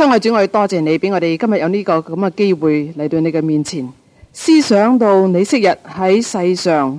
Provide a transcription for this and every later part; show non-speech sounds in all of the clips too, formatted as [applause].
親愛的主，我哋多謝你俾我哋今日有呢個咁嘅機會嚟到你嘅面前，思想到你昔日喺世上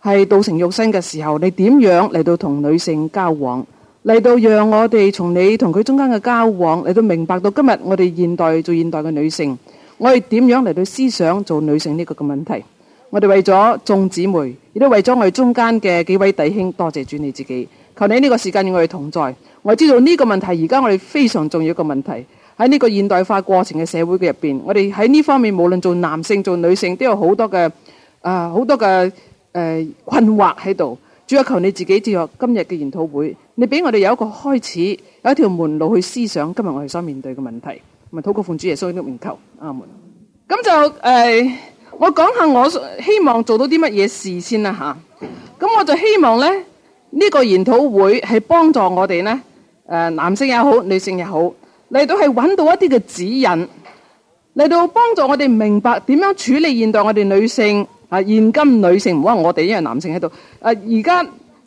係道成肉身嘅時候，你點樣嚟到同女性交往，嚟到讓我哋從你同佢中間嘅交往嚟到明白到今日我哋現代做現代嘅女性，我哋點樣嚟到思想做女性呢個嘅問題。我哋為咗眾姊妹，亦都為咗我哋中間嘅幾位弟兄，多謝主你自己，求你呢個時間與我哋同在。我知道呢個問題而家我哋非常重要一個問題，喺呢個現代化過程嘅社會嘅入邊，我哋喺呢方面無論做男性做女性都有好多嘅啊，好多嘅誒、呃、困惑喺度。主要求你自己進入今日嘅研討會，你俾我哋有一個開始，有一條門路去思想今日我哋所面對嘅問題，咪禱告奉主耶穌嘅名求，阿門。咁就誒、呃，我講下我希望做到啲乜嘢事先啦吓。咁我就希望咧。呢個研討會係幫助我哋呢，誒，男性也好，女性也好，嚟到去揾到一啲嘅指引嚟到幫助我哋明白點樣處理現代我哋女性啊，現今女性唔好話我哋因為男性喺度誒，而家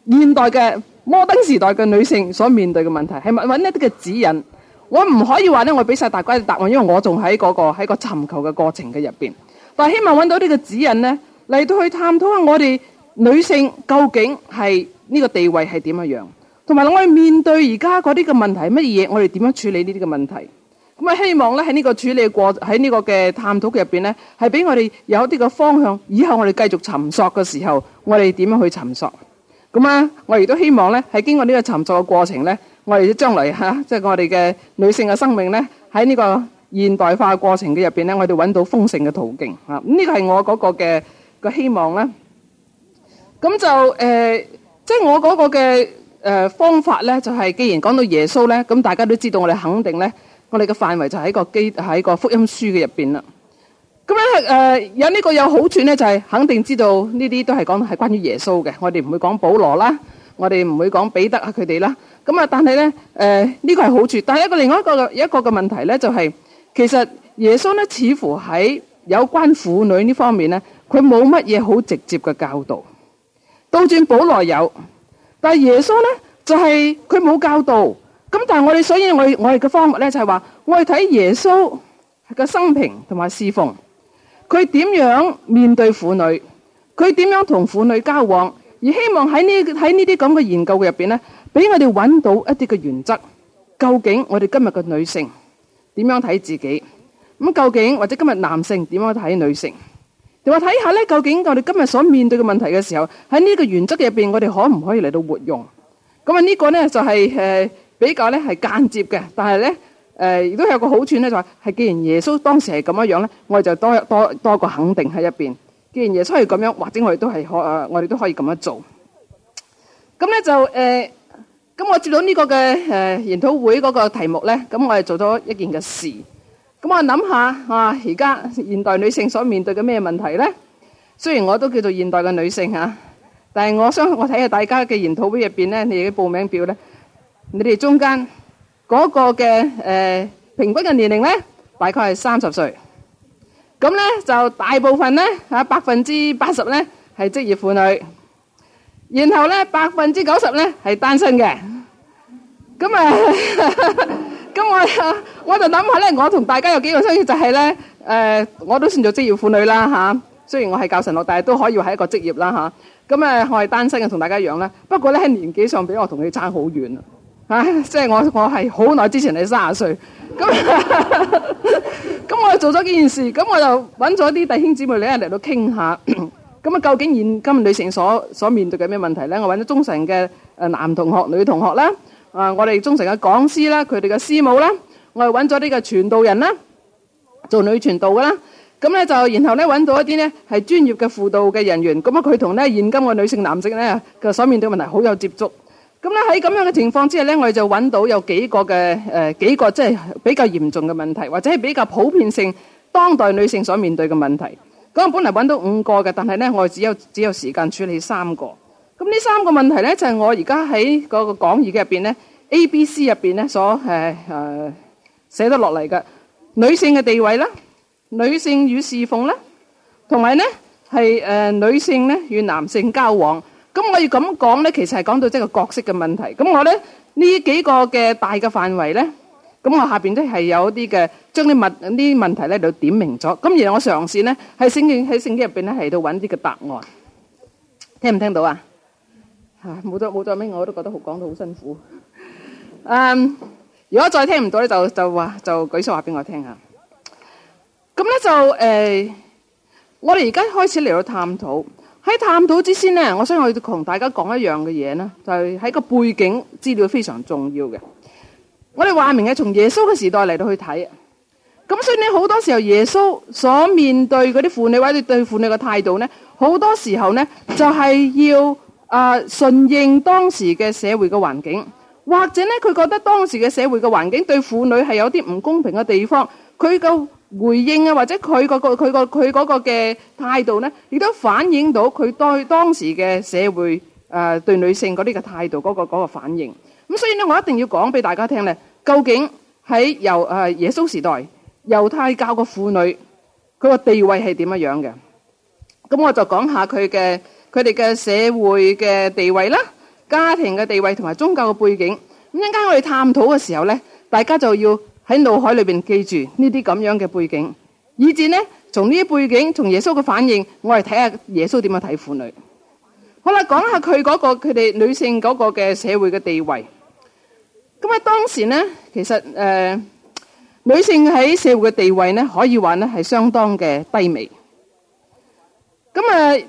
現代嘅摩登時代嘅女性所面對嘅問題係咪揾一啲嘅指引？我唔可以話呢，我俾晒大家答案，因為我仲喺嗰個喺個尋求嘅過程嘅入邊。但係希望揾到呢個指引呢，嚟到去探討下我哋女性究竟係。呢個地位係點啊樣？同埋我哋面對而家嗰啲嘅問題乜嘢？我哋點樣處理呢啲嘅問題？咁啊，希望咧喺呢個處理過喺呢個嘅探討嘅入邊咧，係俾我哋有啲嘅方向。以後我哋繼續尋索嘅時候，我哋點樣去尋索？咁啊，我亦都希望咧，喺經過呢個尋索嘅過程咧，我哋將來嚇即係我哋嘅女性嘅生命咧，喺呢個現代化嘅過程嘅入邊咧，我哋揾到豐盛嘅途徑啊！咁呢個係我嗰個嘅個希望咧。咁就誒。呃即係我嗰個嘅誒方法咧，就係既然講到耶穌咧，咁大家都知道我哋肯定咧，我哋嘅範圍就喺個基喺個福音書嘅入邊啦。咁咧誒，有呢個有好處咧，就係肯定知道呢啲都係講係關於耶穌嘅，我哋唔會講保羅啦，我哋唔會講彼得啊佢哋啦。咁啊，但係咧誒呢個係好處，但係一個另外一個嘅一個嘅問題咧，就係其實耶穌咧似乎喺有關婦女呢方面咧，佢冇乜嘢好直接嘅教導。倒轉保羅有，但係耶穌咧就係佢冇教導，咁但係我哋所以我我哋嘅方法咧就係話，我哋睇耶穌嘅生平同埋侍奉，佢點樣面對婦女，佢點樣同婦女交往，而希望喺呢喺呢啲咁嘅研究入邊咧，俾我哋揾到一啲嘅原則，究竟我哋今日嘅女性點樣睇自己，咁究竟或者今日男性點樣睇女性？你話睇下咧，究竟我哋今日所面對嘅問題嘅時候，喺呢個原則入邊，我哋可唔可以嚟到活用？咁啊呢個咧就係、是、誒、呃、比較咧係間接嘅，但係咧誒亦都有一個好處咧，就係、是、係既然耶穌當時係咁樣樣咧，我哋就多多多一個肯定喺入邊。既然耶穌係咁樣，或者我哋都係可誒，我哋都可以咁樣做。咁咧就誒，咁、呃、我接到呢個嘅誒、呃、研討會嗰個題目咧，咁我哋做咗一件嘅事。咁我諗下啊，而家現代女性所面對嘅咩問題咧？雖然我都叫做現代嘅女性啊，但係我想我睇下大家嘅研討會入邊咧，你哋嘅報名表咧，你哋中間嗰個嘅誒平均嘅年齡咧，大概係三十歲。咁咧就大部分咧啊，百分之八十咧係職業婦女，然後咧百分之九十咧係單身嘅。咁啊～咁我我就諗下咧，我同大家有幾個相似，就係咧，誒，我都算做職業婦女啦，吓，雖然我係教神學，但係都可以話係一個職業啦，吓。咁誒，我係單身嘅，同大家一樣咧。不過咧，年紀上比我同佢差好遠啦，吓，即係我我係好耐之前係卅歲。咁，咁我做咗幾件事，咁我就揾咗啲弟兄姊妹咧嚟到傾下。咁啊，究竟現今女性所所面對嘅咩問題咧？我揾咗中神嘅誒男同學、女同學啦。啊！我哋忠誠嘅講師啦，佢哋嘅師母啦，我哋揾咗呢個傳道人啦，做女傳道嘅啦。咁咧就然後咧揾到一啲咧係專業嘅輔導嘅人員。咁啊，佢同咧現今嘅女性、男性咧嘅所面對問題好有接觸。咁咧喺咁樣嘅情況之下咧，我哋就揾到有幾個嘅誒幾個即係比較嚴重嘅問題，或者係比較普遍性當代女性所面對嘅問題。咁啊，本嚟揾到五個嘅，但係咧我哋只有只有時間處理三個。咁呢三個問題咧，就係我而家喺嗰個講義嘅入邊咧，A、B、C 入邊咧，所誒誒寫得落嚟嘅女性嘅地位啦，女性與侍奉啦，同埋咧係誒女性咧與男性交往。咁我要咁講咧，其實係講到即係個角色嘅問題。咁我咧呢幾個嘅大嘅範圍咧，咁我下邊都係有啲嘅將啲問啲問題咧就點明咗。咁而我嘗試咧喺聖經喺聖經入邊咧係度揾啲嘅答案，聽唔聽到啊？吓冇再冇再咩，我都覺得好講到好辛苦。嗯、um,，如果再聽唔到咧，就就話就，就舉手話俾我聽啊。咁咧就誒、呃，我哋而家開始嚟到探討。喺探討之前呢，我想我要同大家講一樣嘅嘢呢，就係、是、喺個背景資料非常重要嘅。我哋話明係從耶穌嘅時代嚟到去睇。咁所以呢，好多時候耶穌所面對嗰啲婦女或者對婦女嘅態度呢，好多時候呢，就係、是、要。啊！順應當時嘅社會嘅環境，或者咧佢覺得當時嘅社會嘅環境對婦女係有啲唔公平嘅地方，佢嘅回應啊，或者佢、嗰個、嗰個佢個佢嗰個嘅態度咧，亦都反映到佢對當時嘅社會啊、呃，對女性嗰啲嘅態度嗰、嗰個嗰、嗰個反應。咁所以咧，我一定要講俾大家聽咧，究竟喺由啊耶穌時代猶太教個婦女佢個地位係點樣樣嘅？咁我就講下佢嘅。佢哋嘅社會嘅地位啦，家庭嘅地位同埋宗教嘅背景。咁一陣間我哋探討嘅時候咧，大家就要喺腦海裏邊記住呢啲咁樣嘅背景，以至咧從呢啲背景，從耶穌嘅反應，我哋睇下耶穌點樣睇婦女。好啦，講下佢嗰個佢哋女性嗰個嘅社會嘅地位。咁啊，當時咧，其實誒，女性喺社會嘅地位咧，可以話咧係相當嘅低微。咁啊。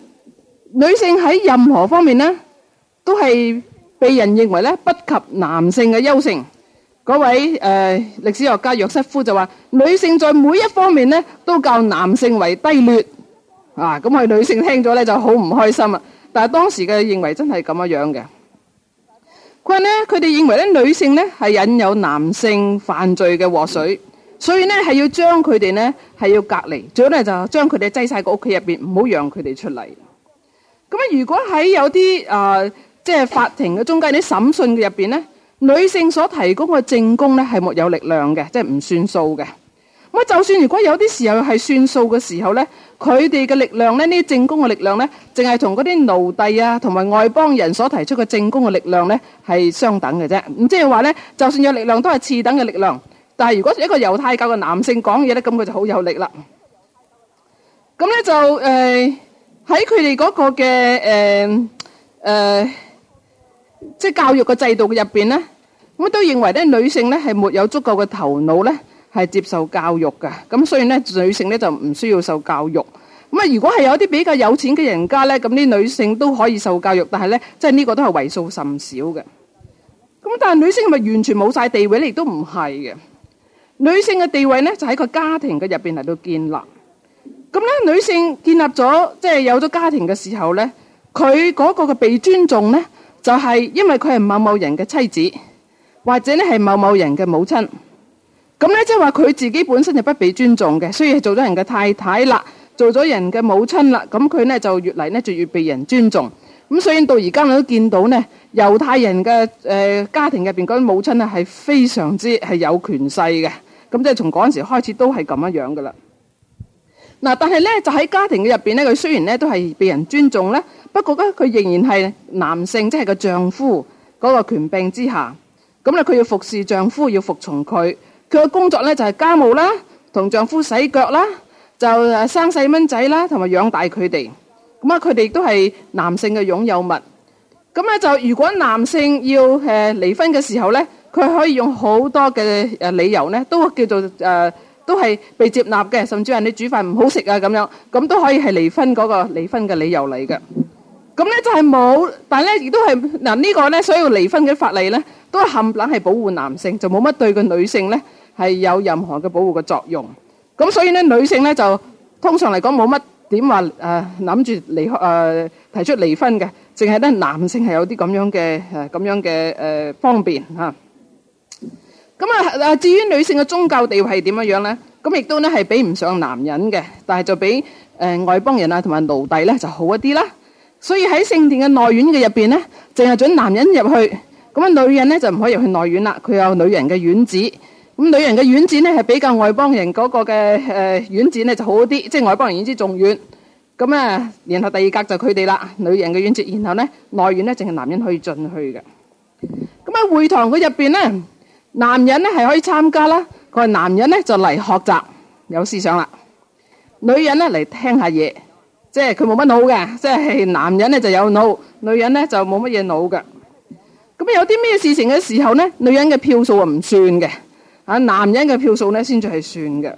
女性喺任何方面咧，都係被人認為咧不及男性嘅優勝。嗰位誒歷史學家約瑟夫就話：女性在每一方面咧都較男性為低劣。啊，咁我哋女性聽咗咧就好唔開心啊！但係當時嘅認為真係咁樣樣嘅。佢話咧，佢哋認為咧女性咧係引誘男性犯罪嘅禍水，所以咧係要將佢哋咧係要隔離，最好咧就將佢哋擠晒個屋企入邊，唔好讓佢哋出嚟。咁啊！如果喺有啲啊，即係法庭嘅中間啲審訊嘅入邊咧，女性所提供嘅證供咧係冇有力量嘅，即係唔算數嘅。咁啊，就算如果有啲時候係算數嘅時候咧，佢哋嘅力量咧，呢啲證供嘅力量咧，淨係同嗰啲奴隸啊，同埋外邦人所提出嘅證供嘅力量咧係相等嘅啫。咁即係話咧，就算有力量都係次等嘅力量。但係如果一個猶太教嘅男性講嘢咧，咁佢就好有力啦。咁咧就誒。喺佢哋嗰個嘅誒誒，即係教育嘅制度嘅入邊咧，我都認為咧女性咧係沒有足夠嘅頭腦咧，係接受教育嘅。咁所以咧女性咧就唔需要受教育。咁啊，如果係有啲比較有錢嘅人家咧，咁啲女性都可以受教育，但係咧即係呢個都係為數甚少嘅。咁但係女性係咪完全冇曬地位咧？亦都唔係嘅。女性嘅地位咧就喺個家庭嘅入邊嚟到建立。咁咧，女性建立咗即係有咗家庭嘅時候咧，佢嗰個嘅被尊重咧，就係因為佢係某某人嘅妻子，或者咧係某某人嘅母親。咁咧即係話佢自己本身就不被尊重嘅，所以係做咗人嘅太太啦，做咗人嘅母親啦，咁佢咧就越嚟咧就越被人尊重。咁所以到而家我都見到咧，猶太人嘅誒、呃、家庭入邊嗰啲母親啊，係非常之係有權勢嘅。咁即係從嗰陣時開始都係咁樣樣噶啦。嗱，但係咧，就喺家庭嘅入邊咧，佢雖然咧都係被人尊重咧，不過咧佢仍然係男性，即係個丈夫嗰、那個權柄之下，咁咧佢要服侍丈夫，要服從佢。佢嘅工作咧就係、是、家務啦，同丈夫洗腳啦，就生細蚊仔啦，同埋養大佢哋。咁啊，佢哋都係男性嘅擁有物。咁咧就如果男性要誒離婚嘅時候咧，佢可以用好多嘅理由咧，都會叫做誒。呃都係被接納嘅，甚至話你煮飯唔好食啊咁樣，咁都可以係離婚嗰個離婚嘅理由嚟嘅。咁咧就係冇，但係咧亦都係嗱呢個咧，所有離婚嘅法例咧，都冚唪唥係保護男性，就冇乜對個女性咧係有任何嘅保護嘅作用。咁所以咧，女性咧就通常嚟講冇乜點話誒諗住離誒提出離婚嘅，淨係得男性係有啲咁樣嘅誒咁樣嘅誒方便吓。咁啊！啊，至於女性嘅宗教地位係點樣樣咧？咁亦都咧係比唔上男人嘅，但係就比誒外邦人啊同埋奴隸咧就好一啲啦。所以喺聖殿嘅內院嘅入邊咧，淨係准男人入去。咁啊，女人咧就唔可以入去內院啦。佢有女人嘅院子。咁女人嘅院子咧係比較外邦人嗰個嘅誒院子咧就好啲，即係外邦人院子仲遠。咁啊，然後第二格就佢哋啦，女人嘅院子。然後咧，內院咧淨係男人可以進去嘅。咁喺會堂佢入邊咧。男人咧係可以參加啦，佢係男人咧就嚟學習有思想啦。女人咧嚟聽下嘢，即係佢冇乜腦嘅，即係男人咧就有腦，女人咧就冇乜嘢腦嘅。咁有啲咩事情嘅時候咧，女人嘅票數啊唔算嘅，啊男人嘅票數咧先至係算嘅。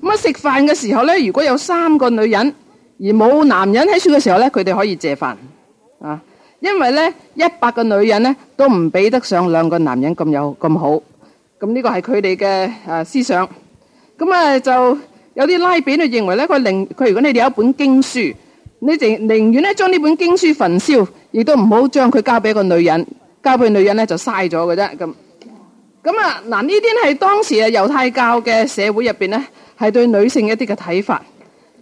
咁啊食飯嘅時候咧，如果有三個女人而冇男人喺場嘅時候咧，佢哋可以借飯啊。因為咧，一百個女人咧都唔比得上兩個男人咁有咁好。咁、嗯、呢、這個係佢哋嘅誒思想。咁、嗯、啊，就有啲拉比就認為咧，佢寧佢如果你哋有一本經書，你哋寧願咧將呢本經書焚燒，亦都唔好將佢交俾個女人，交俾女人咧就嘥咗嘅啫。咁咁啊，嗱呢啲係當時啊猶太教嘅社會入邊咧，係對女性一啲嘅睇法。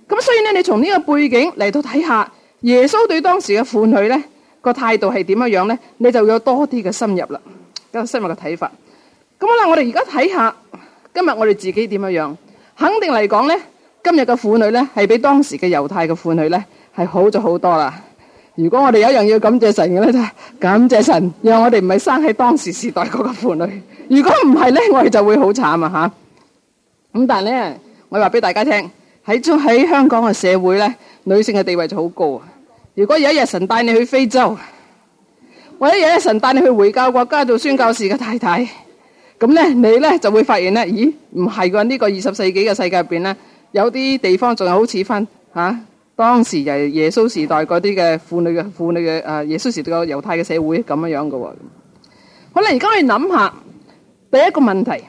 咁所以咧，你從呢個背景嚟，到睇下，耶穌對當時嘅婦女咧，個態度係點樣樣呢？你就有多啲嘅深入啦，有深入嘅睇法。咁好啦，我哋而家睇下今日我哋自己點樣樣。肯定嚟講呢，今日嘅婦女呢，係比當時嘅猶太嘅婦女呢，係好咗好多啦。如果我哋有一樣要感謝神嘅呢，就係感謝神讓我哋唔係生喺當時時代嗰個婦女。如果唔係呢，我哋就會好慘啊吓。咁但係呢，我話俾大家聽喺中喺香港嘅社會呢，女性嘅地位就好高啊。如果有一日神帶你去非洲，或者有一日神帶你去回教國家做宣教士嘅太太，咁咧你咧就會發現咧，咦，唔係喎，呢個二十世紀嘅世界入邊咧，有啲地方仲係好似翻吓、啊、當時誒耶穌時代嗰啲嘅婦女嘅婦女嘅誒、啊、耶穌時代個猶太嘅社會咁樣樣嘅喎。好啦，而家去諗下第一個問題，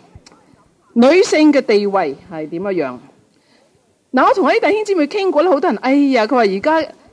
女性嘅地位係點樣？嗱、嗯，我同我啲弟兄姊妹傾過咧，好多人，哎呀，佢話而家。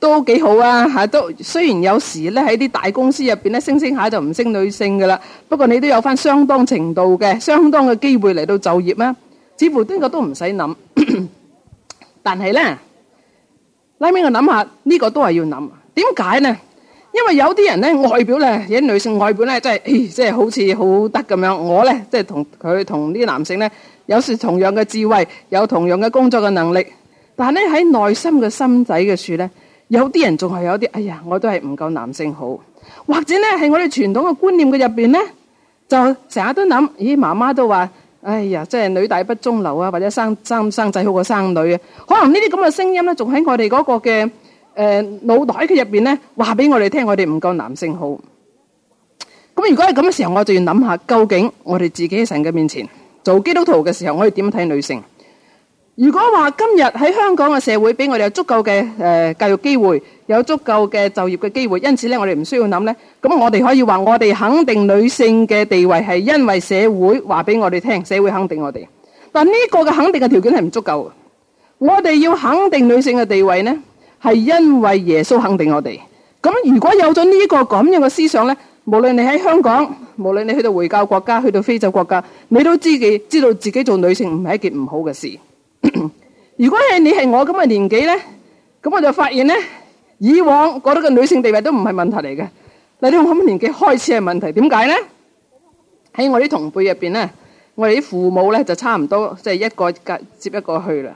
都幾好啊！嚇，都雖然有時咧喺啲大公司入邊咧，升升下就唔升女性噶啦。不過你都有返相當程度嘅相當嘅機會嚟到就業咩？似乎邊個都唔使諗，但係咧，拉尾我諗下呢個都係要諗。點解咧？因為有啲人咧外表咧，有啲女性外表咧，即係即係好似好得咁樣。我咧即係同佢同啲男性咧，有時同樣嘅智慧，有同樣嘅工作嘅能力，但係咧喺內心嘅心仔嘅處咧。有啲人仲係有啲，哎呀，我都係唔夠男性好，或者呢，係我哋傳統嘅觀念嘅入邊呢，就成日都諗，咦，媽媽都話，哎呀，即係女大不中留啊，或者生生生仔好過生女啊，可能呢啲咁嘅聲音呢，仲喺我哋嗰個嘅誒、呃、腦袋嘅入邊呢，話俾我哋聽，我哋唔夠男性好。咁如果係咁嘅時候，我就要諗下，究竟我哋自己喺神嘅面前做基督徒嘅時候，我哋點睇女性？如果話今日喺香港嘅社會俾我哋有足夠嘅誒教育機會，有足夠嘅就業嘅機會，因此咧我哋唔需要諗咧。咁我哋可以話我哋肯定女性嘅地位係因為社會話俾我哋聽，社會肯定我哋。但呢個嘅肯定嘅條件係唔足夠。我哋要肯定女性嘅地位咧，係因為耶穌肯定我哋。咁如果有咗呢個咁樣嘅思想咧，無論你喺香港，無論你去到回教國家，去到非洲國家，你都知己知道自己做女性唔係一件唔好嘅事。如果係你係我咁嘅年紀咧，咁我就發現咧，以往覺得個女性地位都唔係問題嚟嘅，但係我咁嘅年紀開始係問題，點解咧？喺我啲同輩入邊咧，我哋啲父母咧就差唔多即係一個接一個去啦。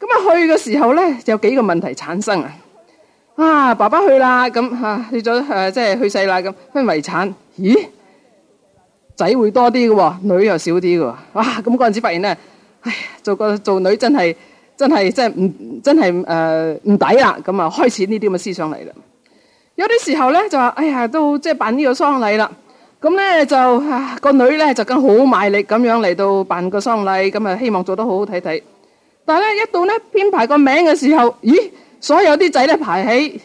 咁啊去嘅時候咧，就有幾個問題產生啊！啊，爸爸去啦，咁嚇去咗誒，即係去世啦，咁分遺產，咦？仔會多啲嘅喎，女又少啲嘅喎，哇！咁嗰陣時發現咧。哎呀，做個做女真係真係真係唔真係誒唔抵啦！咁啊開始呢啲咁嘅思想嚟啦。有啲時候呢，就話：哎呀，都即係辦呢個喪禮啦。咁、那個、呢，就個女呢，就更好賣力咁樣嚟到辦個喪禮，咁啊希望做得好好睇睇。但係咧一到呢編排個名嘅時候，咦，所有啲仔呢排喺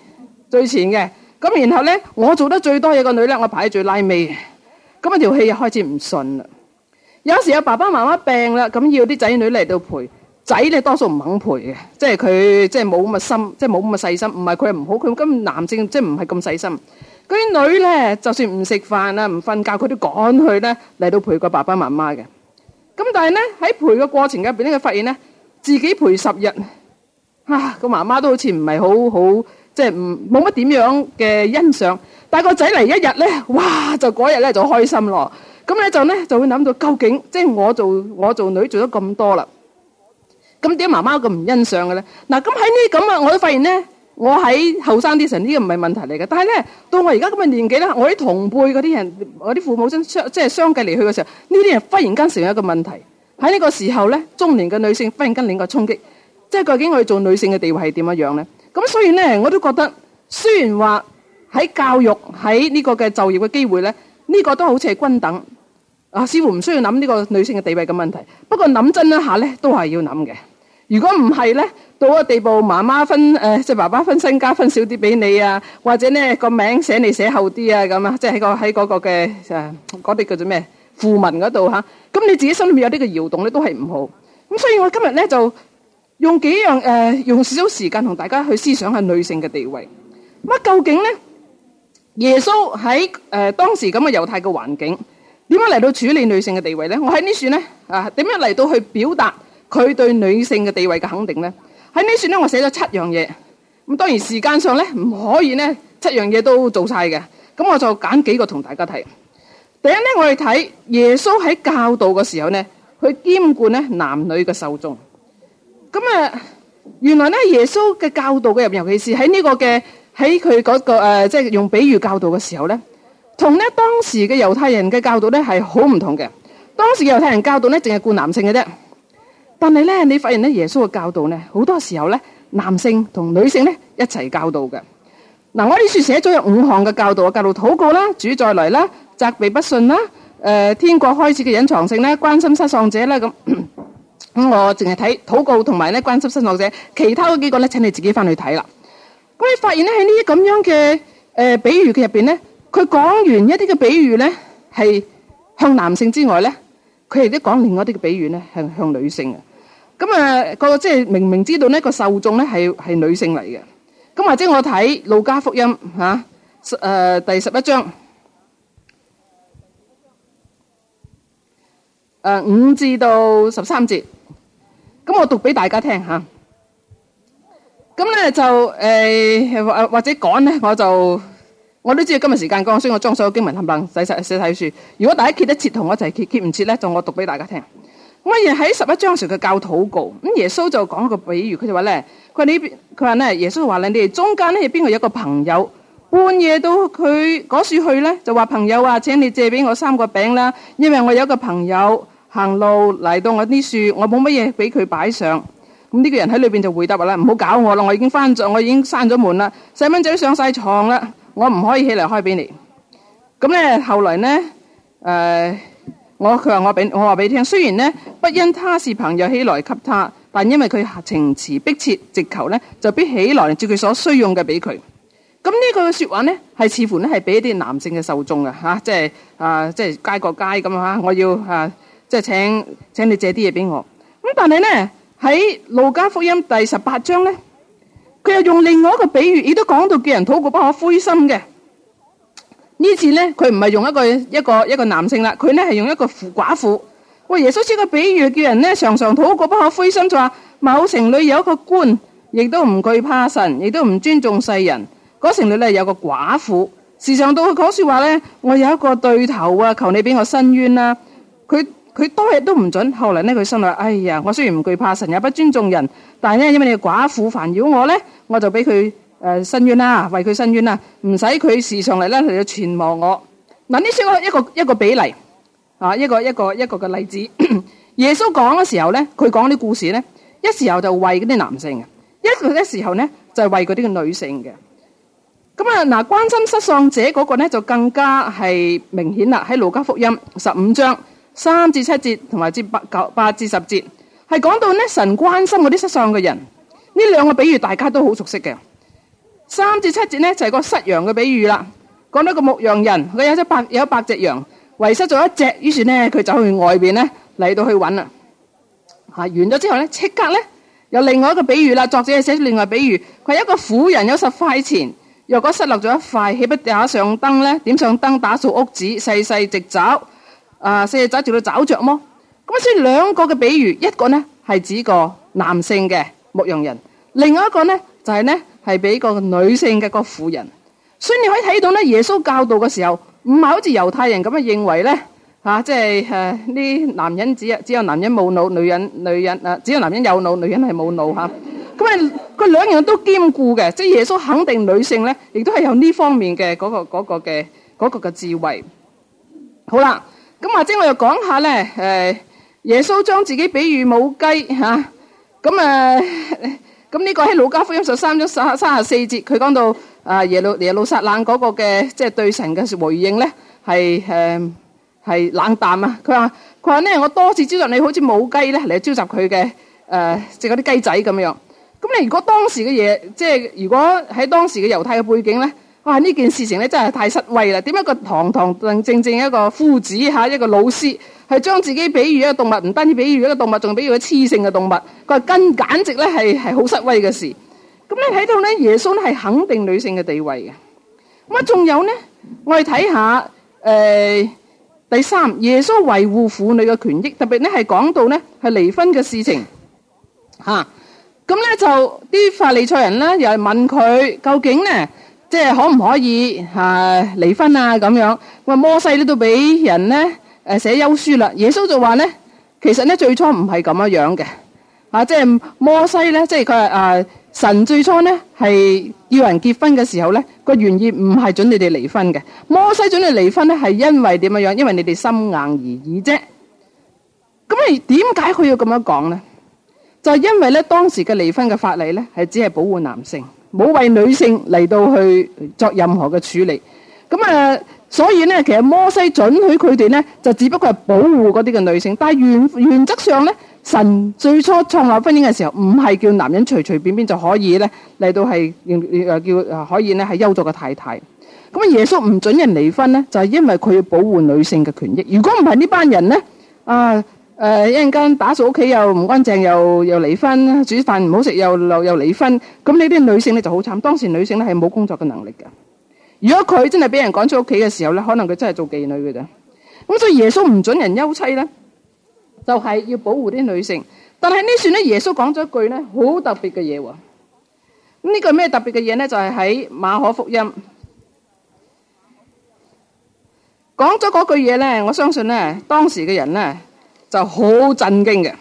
最前嘅，咁然後呢，我做得最多嘢個女呢，我排喺最拉尾。咁啊條氣又開始唔順啦。有時有爸爸媽媽病啦，咁要啲仔女嚟到陪，仔咧，多數唔肯陪嘅，即係佢即係冇咁嘅心，即係冇咁嘅細心。唔係佢係唔好，佢咁男性即係唔係咁細心。啲女咧，就算唔食飯啊，唔瞓覺，佢都趕去咧嚟到陪個爸爸媽媽嘅。咁但係咧喺陪嘅過程入邊咧，佢發現咧自己陪十日，啊個媽媽都好似唔係好好，即係唔冇乜點樣嘅欣賞。但個仔嚟一日咧，哇就嗰日咧就開心咯。咁咧就咧就會諗到究竟即係、就是、我做我做女做咗咁多啦，咁點解媽媽咁唔欣賞嘅咧？嗱，咁喺呢咁啊，我都發現咧，我喺後生啲成呢個唔係問題嚟嘅。但係咧，到我而家咁嘅年紀呢，我啲同輩嗰啲人，我啲父母親相即係相繼離去嘅時候，呢啲人忽然間成為一個問題。喺呢個時候咧，中年嘅女性忽然間另一個衝擊，即係究竟我哋做女性嘅地位係點樣樣咧？咁所以咧，我都覺得雖然話喺教育喺呢個嘅就業嘅機會咧，呢、這個都好似係均等。啊！似乎唔需要諗呢個女性嘅地位嘅問題。不過諗真一下咧，都係要諗嘅。如果唔係咧，到個地步，媽媽分誒、呃，即係爸爸分身家分少啲俾你啊，或者咧個名寫你寫後啲啊，咁、那個、啊，即係喺個喺嗰個嘅誒嗰啲叫做咩？訃聞嗰度吓，咁、啊、你自己心裏面有啲嘅搖動咧，都係唔好。咁所以我今日咧就用幾樣誒、呃，用少少時間同大家去思想下女性嘅地位。乜究竟咧？耶穌喺誒、呃、當時咁嘅猶太嘅環境。點樣嚟到處理女性嘅地位呢？我喺呢處呢，啊，點樣嚟到去表達佢對女性嘅地位嘅肯定呢？喺呢處呢，我寫咗七樣嘢。咁當然時間上呢，唔可以呢，七樣嘢都做晒嘅。咁我就揀幾個同大家睇。第一呢，我哋睇耶穌喺教導嘅時候呢，佢兼顧呢男女嘅受眾。咁啊、呃，原來呢，耶穌嘅教導嘅入面，尤其是喺呢個嘅喺佢嗰個誒、呃，即係用比喻教導嘅時候呢。同咧當時嘅猶太人嘅教導咧係好唔同嘅。當時猶太人教導咧，淨係顧男性嘅啫。但係咧，你發現咧，耶穌嘅教導咧，好多時候咧，男性同女性咧一齊教導嘅。嗱，我呢處寫咗有五項嘅教導啊，教導禱告啦，主再嚟啦，責備不信啦、呃，天國開始嘅隱藏性啦，關心失喪者啦，咁咁我淨係睇禱告同埋咧關心失喪者，其他幾個咧，請你自己翻去睇啦。咁、嗯、你發現咧喺呢啲咁樣嘅誒、呃、比喻嘅入邊咧？佢講完一啲嘅比喻咧，係向男性之外咧，佢亦都講另外一啲嘅比喻咧，係向女性嘅。咁啊，個即係明明知道呢個受眾咧係係女性嚟嘅。咁或者我睇路加福音嚇，誒第十一章，誒五至到十三節。咁我讀俾大家聽嚇。咁咧就誒或或者講咧，我就。我都知道今日時間光，所以我裝所有經文，冚唪唥洗實寫睇書。如果大家揭得切，同我一齊揭；揭唔切咧，就我讀俾大家聽。我亦喺十一章時嘅教禱告咁，耶穌就講一個比喻，佢就話咧：佢話呢佢話咧，耶穌話你哋中間咧，邊個有一個朋友半夜到佢嗰樹去咧，就話朋友話、啊，請你借俾我三個餅啦，因為我有一個朋友行路嚟到我啲樹，我冇乜嘢俾佢擺上咁，呢個人喺裏邊就回答話啦，唔好搞我啦，我已經返咗，我已經閂咗門啦，細蚊仔上晒床啦。我唔可以起來開俾你，咁咧後來咧，誒、呃，我佢話我俾我話俾你聽，雖然咧不因他是朋友起來給他，但因為佢情詞迫切呢，直求咧就必起來照佢所需用嘅俾佢。咁、這個、呢句嘅說話咧，係似乎咧係俾一啲男性嘅受眾啊，吓，即係啊，即係、啊、街過街咁啊，我要啊，即係請，請你借啲嘢俾我。咁但係咧喺路加福音第十八章咧。佢又用另外一個比喻，亦都講到叫人禱告不可灰心嘅。呢次呢，佢唔係用一個一個一個男性啦，佢呢係用一個婦寡婦喂耶穌。呢個比喻叫人呢常常禱告不可灰心，就話某城裏有一個官，亦都唔懼怕神，亦都唔尊重世人。嗰城裏呢，有個寡婦時常到佢講說話呢，我有一個對頭啊，求你俾我申冤啦、啊。佢。.佢多日都唔准。後嚟咧，佢心諗：哎呀，我雖然唔懼怕神，也不尊重人，但係咧，因為你的寡婦煩擾我咧，我就俾佢誒伸冤啦、啊，為佢伸冤啦、啊，唔使佢時常嚟啦嚟到傳望我嗱。呢個一個一個比例啊，一個一個一個嘅例子。 [coughs] 耶穌講嘅時候咧，佢講啲故事咧，一時候就為嗰啲男性嘅，一個咧時候咧就係、是、為嗰啲嘅女性嘅。咁啊嗱，關心失喪者嗰個咧就更加係明顯啦。喺路加福音十五章。三至七節同埋至八九八至十節，係講到呢神關心嗰啲失喪嘅人。呢兩個比喻大家都好熟悉嘅。三至七節呢，就係、是、個失羊嘅比喻啦，講到個牧羊人，佢有一百有一百隻羊，遺失咗一隻，於是呢，佢走去外邊呢，嚟到去揾啦。吓、啊、完咗之後呢，即刻呢，有另外一個比喻啦，作者寫另外一個比喻，佢係一個婦人，有十塊錢，若果失落咗一塊，豈不打上燈呢，點上燈，打掃屋子，細細直找。啊！四隻仔照到找着麼？咁啊，所以兩個嘅比喻，一個呢係指個男性嘅牧羊人，另外一個呢就係呢係俾個女性嘅個婦人。所以你可以睇到呢耶穌教導嘅時候，唔係好似猶太人咁樣認為呢吓，即係誒呢男人只只有男人冇腦，女人女人啊只有男人有腦，女人係冇腦吓。咁啊，佢兩樣都兼顧嘅，即係耶穌肯定女性呢，亦都係有呢方面嘅嗰個嗰個嘅嗰個嘅智慧。好啦。咁或者我又講下咧，誒耶穌將自己比喻母雞嚇，咁誒咁呢個喺《路加福音》十三章三三十四節，佢講到啊，耶路耶路撒冷嗰個嘅即係對神嘅回應咧，係誒係冷淡啊！佢話佢話咧，我多次召集你，好似母雞咧嚟召集佢嘅誒即係嗰啲雞仔咁樣。咁你如果當時嘅嘢，即係如果喺當時嘅猶太嘅背景咧。哇！呢件事情咧真係太失威啦。點解個堂堂正正一個夫子吓一個老師，係將自己比喻一個動物，唔單止比喻一個動物，仲比喻一個雌性嘅動物？個根簡直咧係係好失威嘅事。咁你睇到咧，耶穌咧係肯定女性嘅地位嘅。咁啊，仲有咧，我哋睇下誒，第三，耶穌維護婦女嘅權益，特別咧係講到咧係離婚嘅事情吓。咁咧就啲法利賽人咧又係問佢究竟咧？即係可唔可以吓離、啊、婚啊？咁樣喂，摩西呢都俾人呢誒寫、啊、休書啦。耶穌就話呢，其實呢，最初唔係咁樣樣嘅、啊，即係摩西呢，即係佢誒神最初呢，係要人結婚嘅時候呢，個原意唔係准你哋離婚嘅。摩西准你離婚呢，係因為點樣樣？因為你哋心硬而，而已啫。咁你點解佢要咁樣講呢？就因為呢，當時嘅離婚嘅法例呢，係只係保護男性。冇為女性嚟到去作任何嘅處理，咁啊，所以咧，其實摩西准許佢哋咧，就只不過係保護嗰啲嘅女性。但係原原則上咧，神最初創立婚姻嘅時候，唔係叫男人隨隨便便，便就可以咧嚟到係誒叫，叫可以咧係休咗個太太。咁啊，耶穌唔准人離婚咧，就係、是、因為佢要保護女性嘅權益。如果唔係呢班人咧啊。呃誒，一陣間、呃、打掃屋企又唔乾淨，又又離婚，煮飯唔好食，又又離婚。咁呢啲女性咧就好慘。當時女性咧係冇工作嘅能力㗎。如果佢真係俾人趕出屋企嘅時候咧，可能佢真係做妓女嘅咋。咁所以耶穌唔准人休妻咧，就係、是、要保護啲女性。但係呢段咧，耶穌講咗一句咧，好特別嘅嘢。咁呢句咩特別嘅嘢咧？就係、是、喺馬可福音講咗嗰句嘢咧。我相信咧，當時嘅人咧。就好震驚嘅，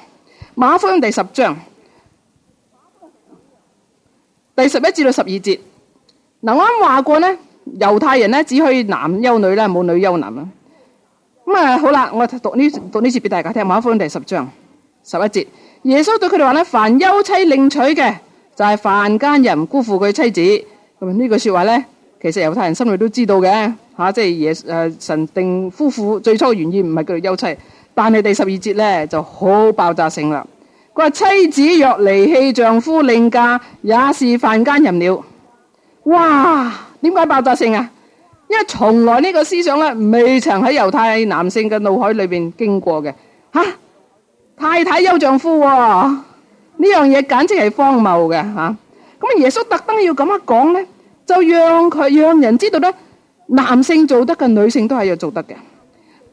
馬福音第十章第十一至到十二節，嗱啱話過呢，猶太人呢，只可以男休女呢，冇女休男啦。咁啊好啦，我讀呢讀呢節俾大家聽。馬福音第十章十一節，耶穌對佢哋話呢：凡休妻另娶嘅，就係、是、犯奸淫，辜負佢妻子。咁呢句說話呢，其實猶太人心裏都知道嘅，吓即係耶誒神定夫婦最初嘅原意，唔係叫做休妻。但係第十二節呢就好爆炸性啦！佢話，妻子若離棄丈夫另嫁，也是犯奸淫了。哇！點解爆炸性啊？因為從來呢個思想呢，未曾喺猶太男性嘅腦海裏邊經過嘅吓、啊。太太休丈夫呢、哦、樣嘢，簡直係荒謬嘅吓。咁啊，耶穌特登要咁樣講呢，就讓佢讓人知道呢，男性做得嘅，女性都係要做得嘅。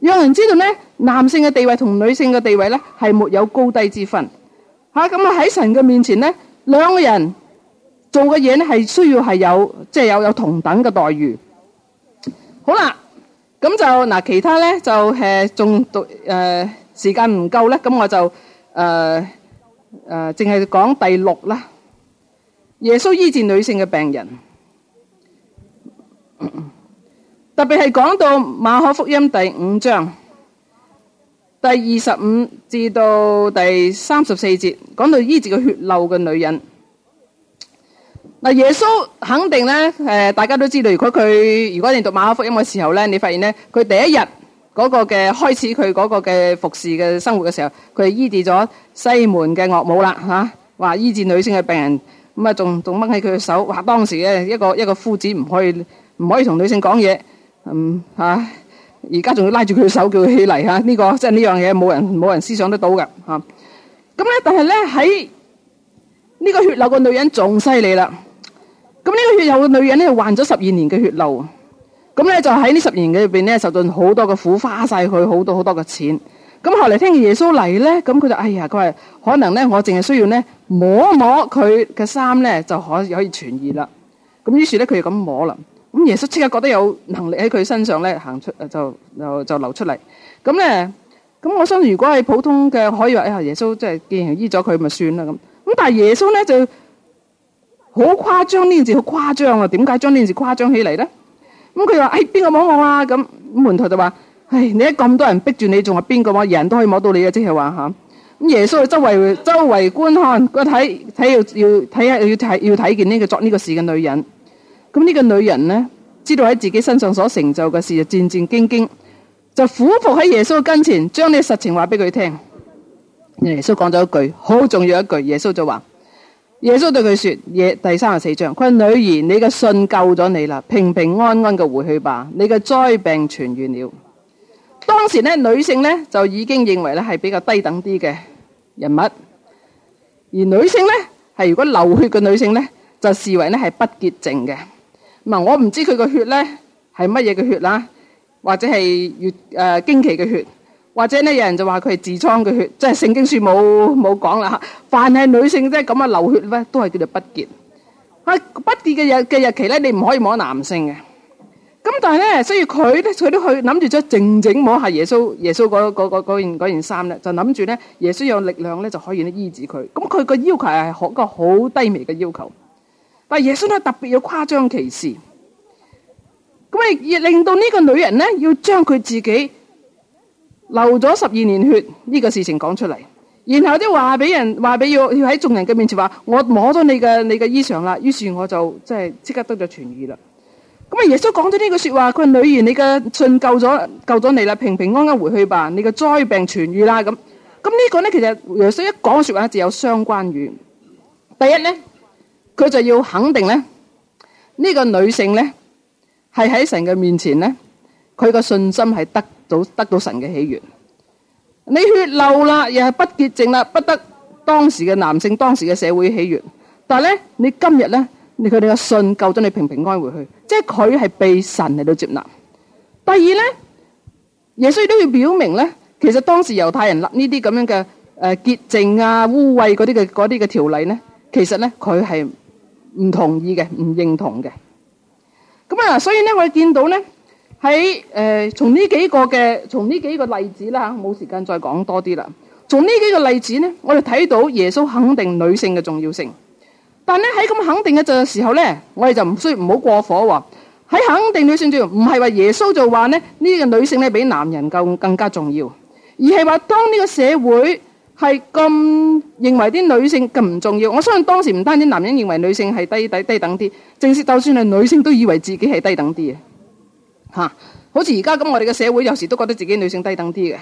讓人知道咧，男性嘅地位同女性嘅地位咧係沒有高低之分。吓咁啊喺神嘅面前咧，兩個人做嘅嘢咧係需要係有即係、就是、有有同等嘅待遇。好啦，咁就嗱其他咧就誒仲讀誒時間唔夠咧，咁我就誒誒淨係講第六啦。耶穌醫治女性嘅病人。嗯。特別係講到馬可福音第五章第二十五至到第三十四節，講到醫治個血漏嘅女人。嗱，耶穌肯定咧，誒，大家都知道。如果佢如果你讀馬可福音嘅時候咧，你發現咧，佢第一日嗰個嘅開始，佢嗰個嘅服侍嘅生活嘅時候，佢係醫治咗西門嘅岳母啦，吓，話醫治女性嘅病人，咁啊，仲仲掹起佢嘅手。話，當時呢一個一個夫子唔可以唔可以同女性講嘢。嗯吓，而家仲要拉住佢手叫佢起嚟吓，呢個即係呢樣嘢，冇人冇人思想得到㗎。吓。咁咧，但係咧喺呢個血流嘅女人仲犀利啦。咁呢個血流嘅女人咧，患咗十二年嘅血流，咁咧就喺呢十年嘅入邊咧，受盡好多嘅苦，花晒佢好多好多嘅錢。咁後來聽見耶穌嚟咧，咁佢就哎呀，佢係可能咧，我淨係需要咧摸一摸佢嘅衫咧，就可以可以痊癒啦。咁於是咧，佢就咁摸啦。咁耶穌即刻覺得有能力喺佢身上咧行出，就就就流出嚟。咁咧，咁我相信如果係普通嘅，可以話哎呀耶穌即係既然醫咗佢咪算啦咁。咁但係耶穌咧就好誇張呢件事，好誇張啊！點解將呢件事誇張起嚟咧？咁佢話誒邊個摸我啊？咁門徒就話：，唉、哎，你一咁多人逼住你，仲有邊個摸？人都可以摸到你嘅即係話吓。咁、啊、耶穌周圍周圍觀看，看看看看看看看看這個睇睇要要睇下要睇要睇見呢個作呢、呢個事嘅女人。咁呢個女人呢，知道喺自己身上所成就嘅事就戰戰兢兢，就俯伏喺耶穌嘅跟前，將呢實情話俾佢聽。耶穌講咗一句好重要一句，耶穌就話：耶穌對佢說，第三十四章，佢話女兒，你嘅信救咗你啦，平平安安嘅回去吧，你嘅災病痊愈了。當時呢，女性呢，就已經認為咧係比較低等啲嘅人物，而女性呢，係如果流血嘅女性呢，就視為呢係不潔淨嘅。嗱，我唔知佢個血咧係乜嘢嘅血啦，或者係月誒經期嘅血，或者咧有人就話佢係痔瘡嘅血，即係聖經書冇冇講啦。凡係女性即係咁啊，流血咧，都係叫做不潔。啊，不潔嘅日嘅日期咧，你唔可以摸男性嘅。咁但係咧，所以佢咧佢都去諗住咗靜靜摸下耶穌耶穌嗰嗰嗰嗰件嗰件衫咧，就諗住咧耶穌有力量咧就可以咧醫治佢。咁佢個要求係學個好低微嘅要求。但耶穌咧特別要誇張其事咁啊亦令到呢個女人咧要將佢自己流咗十二年血呢個事情講出嚟，然後都話俾人話俾要要喺眾人嘅面前話：我摸咗你嘅你嘅衣裳啦，於是我就即係即刻得咗痊愈啦。咁啊耶穌講咗呢句說話，佢話：女兒，你嘅信救咗救咗你啦，平平安安回去吧，你嘅災病痊愈啦。咁咁呢個咧其實耶穌一講說話就有相關語，第一咧。佢就要肯定咧，呢個女性咧係喺神嘅面前咧，佢個信心係得到得到神嘅喜悅。你血流啦，又係不潔淨啦，不得當時嘅男性當時嘅社會喜悅。但係咧，你今日咧，你佢哋嘅信救咗你，平平安回去，即係佢係被神嚟到接納。第二咧，耶穌亦都要表明咧，其實當時猶太人立呢啲咁樣嘅誒潔淨啊污穢嗰啲嘅嗰啲嘅條例咧，其實咧佢係。唔同意嘅，唔認同嘅。咁啊，所以咧，我哋見到咧，喺誒，從、呃、呢幾個嘅，從呢幾個例子啦，吓、啊，冇時間再講多啲啦。從呢幾個例子咧，我哋睇到耶穌肯定女性嘅重要性。但咧喺咁肯定嘅時候咧，我哋就唔需唔好過火喎。喺肯定女性之餘，唔係話耶穌就話咧呢個女性咧比男人更更加重要，而係話當呢個社會。係咁認為啲女性咁唔重要，我相信當時唔單止男人認為女性係低,低,低等啲，正是就算係女性都以為自己係低等啲嘅，吓，好似而家咁我哋嘅社會有時都覺得自己女性低等啲嘅，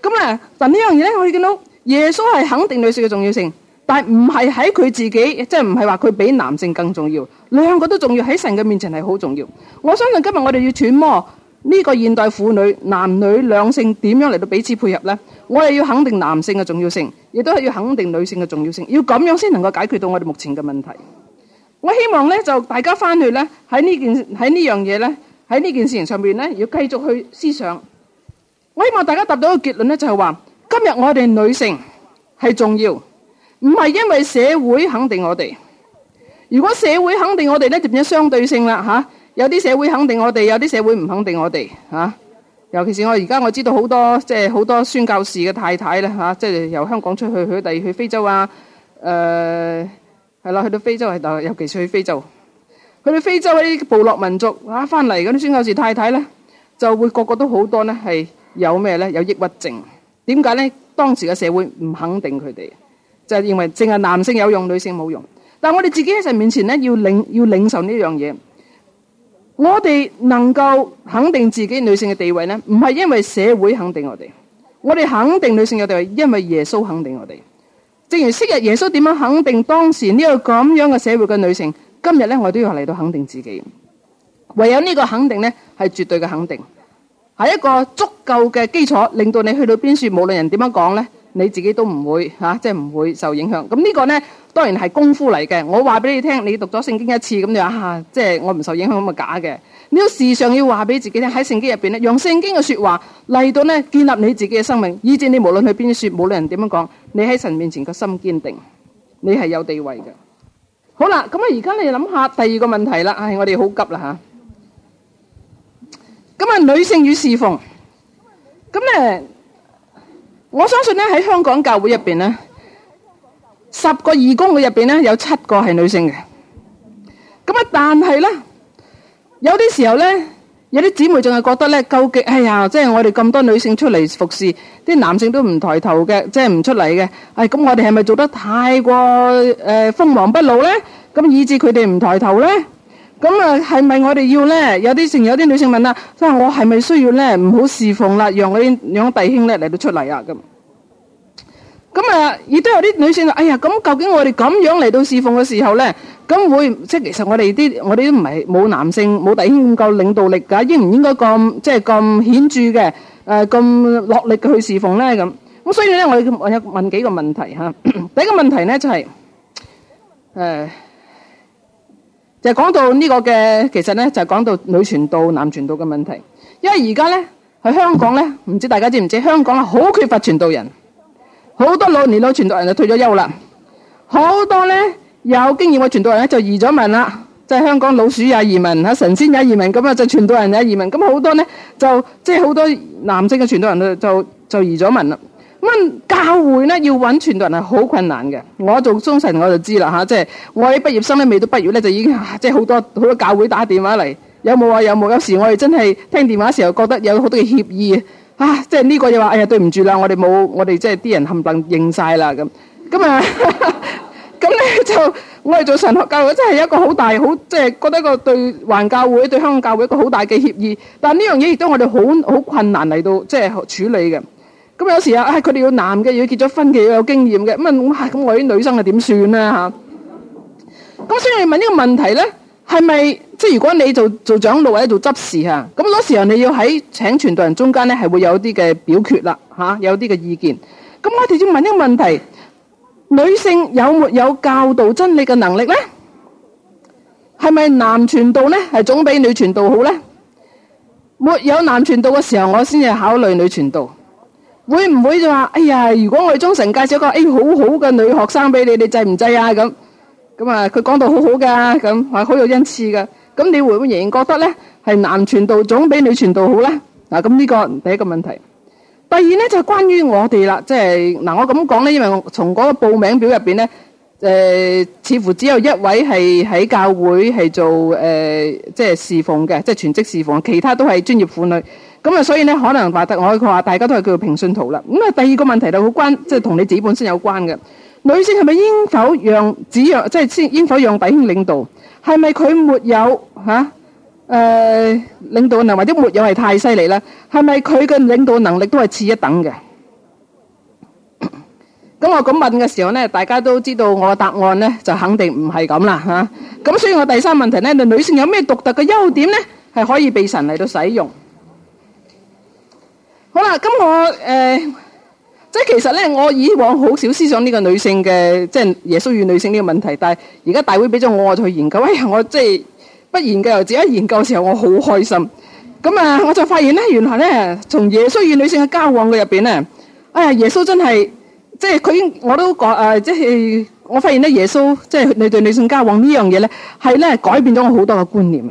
咁咧，但呢樣嘢咧，我哋見到耶穌係肯定女性嘅重要性，但係唔係喺佢自己，即係唔係話佢比男性更重要，兩個都重要喺神嘅面前係好重要，我相信今日我哋要揣摩。呢個現代婦女、男女兩性點樣嚟到彼此配合呢？我哋要肯定男性嘅重要性，亦都係要肯定女性嘅重要性，要咁樣先能夠解決到我哋目前嘅問題。我希望呢，就大家翻去呢，喺呢件喺呢樣嘢呢，喺呢件事情上邊呢，要繼續去思想。我希望大家達到一個結論呢，就係話今日我哋女性係重要，唔係因為社會肯定我哋。如果社會肯定我哋呢就變咗相對性啦，吓。有啲社會肯定我哋，有啲社會唔肯定我哋嚇、啊。尤其是我而家我知道好多，即係好多宣教士嘅太太啦嚇，即、啊、係、就是、由香港出去佢哋去，去非洲啊，誒係啦，去到非洲係尤其是去非洲，去到非洲啲部落民族，嚇翻嚟嗰啲宣教士太太呢，就會個個都好多呢，係有咩呢？有抑鬱症。點解呢？當時嘅社會唔肯定佢哋，就係、是、認為淨係男性有用，女性冇用。但我哋自己喺神面前呢，要領要領受呢樣嘢。我哋能夠肯定自己女性嘅地位，呢唔係因為社會肯定我哋，我哋肯定女性嘅地位，因為耶穌肯定我哋。正如昔日耶穌點樣肯定當時呢個咁樣嘅社會嘅女性，今日呢我都要嚟到肯定自己。唯有呢個肯定，呢係絕對嘅肯定，係一個足夠嘅基礎，令到你去到邊處，無論人點樣講呢。你自己都唔會嚇，即係唔會受影響。咁呢個咧，當然係功夫嚟嘅。我話俾你聽，你讀咗聖經一次咁樣，吓，即、啊、係、就是、我唔受影響咁啊假嘅。你事上要時常要話俾自己聽，喺聖經入邊咧，用聖經嘅說話嚟到咧，建立你自己嘅生命，以至你無論去邊處，無論人點樣講，你喺神面前個心堅定，你係有地位嘅。好啦，咁啊，而家你諗下第二個問題啦。唉、哎，我哋好急啦吓。咁啊，女性與侍奉，咁咧性。我相信咧喺香港教會入邊咧，十個義工會入邊咧有七個係女性嘅。咁啊，但係咧，有啲時候咧，有啲姊妹仲係覺得咧，究竟哎呀，即係我哋咁多女性出嚟服侍，啲男性都唔抬頭嘅，即係唔出嚟嘅。哎，咁我哋係咪做得太過誒鋒芒不露咧？咁以致佢哋唔抬頭咧？咁啊，係咪我哋要咧？有啲成有啲女性問啦，即係我係咪需要咧？唔好侍奉啦，讓嗰啲讓弟兄咧嚟到出嚟啊！咁，咁啊，亦都有啲女性話，哎呀，咁究竟我哋咁樣嚟到侍奉嘅時候咧，咁會即係其實我哋啲我哋都唔係冇男性冇弟兄咁夠領導力噶，應唔應該咁即係咁顯著嘅，誒，咁落力去侍奉咧？咁，咁所以咧，我我有問幾個問題嚇。第一個問題咧就係誒。就講到呢個嘅，其實咧就講到女傳道、男傳道嘅問題。因為而家咧喺香港咧，唔知大家知唔知，香港好缺乏傳道人，好多老年老傳道人就退咗休啦，好多咧有經驗嘅傳道人咧就移咗民啦，即係香港老鼠也移民吓，神仙也移民，咁啊就傳道人也移民，咁好多咧就即係好多男性嘅傳道人就就就移咗民啦。乜教會咧要搵傳道人係好困難嘅，我做中神我就知啦吓，即係我啲畢業生咧未到畢業咧就已經，即係好多好多教會打電話嚟，有冇啊？有冇？有時我哋真係聽電話時候覺得有好多嘅歉意啊！即係呢個又話：哎呀，對唔住啦，我哋冇，我哋即係啲人冚唪唥應晒啦咁。咁啊，咁 [laughs] 咧就我哋做神學教會真係一個好大好，即係、就是、覺得一個對環教會、對香港教會一個好大嘅歉意。但呢樣嘢亦都我哋好好困難嚟到即係、就是、處理嘅。咁有時啊，唉，佢哋要男嘅，要結咗婚嘅，要有經驗嘅。咁啊，咁咁，我啲女生係，點算咧吓？咁所以你問呢個問題咧，係咪即係如果你做做長老或者做執事吓？咁嗰時候你要喺請傳道人中間咧，係會有啲嘅表決啦，吓，有啲嘅意見。咁我哋要問呢個問題，女性有沒有教導真理嘅能力咧？係咪男傳道咧，係總比女傳道好咧？沒有男傳道嘅時候，我先至考慮女傳道。會唔會就話，哎呀，如果我哋忠誠介紹一個誒好好嘅女學生俾你，你制唔制啊？咁咁啊，佢講到好好噶，咁係好有恩賜嘅。咁你會唔會仍然覺得咧係男傳道總比女傳道好咧？嗱，咁呢個第一個問題。第二咧就關於我哋啦，即係嗱，我咁講咧，因為我從嗰個報名表入邊咧。誒、呃、似乎只有一位係喺教會係做誒、呃、即係侍奉嘅，即係全職侍奉，其他都係專業婦女。咁啊，所以呢，可能話得我佢話大家都係叫做平信徒啦。咁、嗯、啊，第二個問題就好、是、關，即係同你自己本身有關嘅。女性係咪應否讓子讓，即係應否讓弟兄領導？係咪佢沒有嚇誒、啊呃、領導能力？或者沒有係太犀利啦？係咪佢嘅領導能力都係次一等嘅？咁我咁問嘅時候咧，大家都知道我嘅答案咧，就肯定唔係咁啦嚇。咁、啊、所以我第三問題咧，女性有咩獨特嘅優點咧，係可以被神嚟到使用？好啦，咁我誒、呃，即係其實咧，我以往好少思想呢個女性嘅，即、就、係、是、耶穌與女性呢個問題，但係而家大會俾咗我，我就去研究。哎呀，我即係不研究又自己研究嘅時候，我好開心。咁啊，我就發現咧，原來咧，從耶穌與女性嘅交往嘅入邊啊，哎呀，耶穌真係～即係佢，我都講誒、呃，即係我發現咧，耶穌即係你對女性交往這事呢樣嘢咧，係咧改變咗我好多嘅觀念。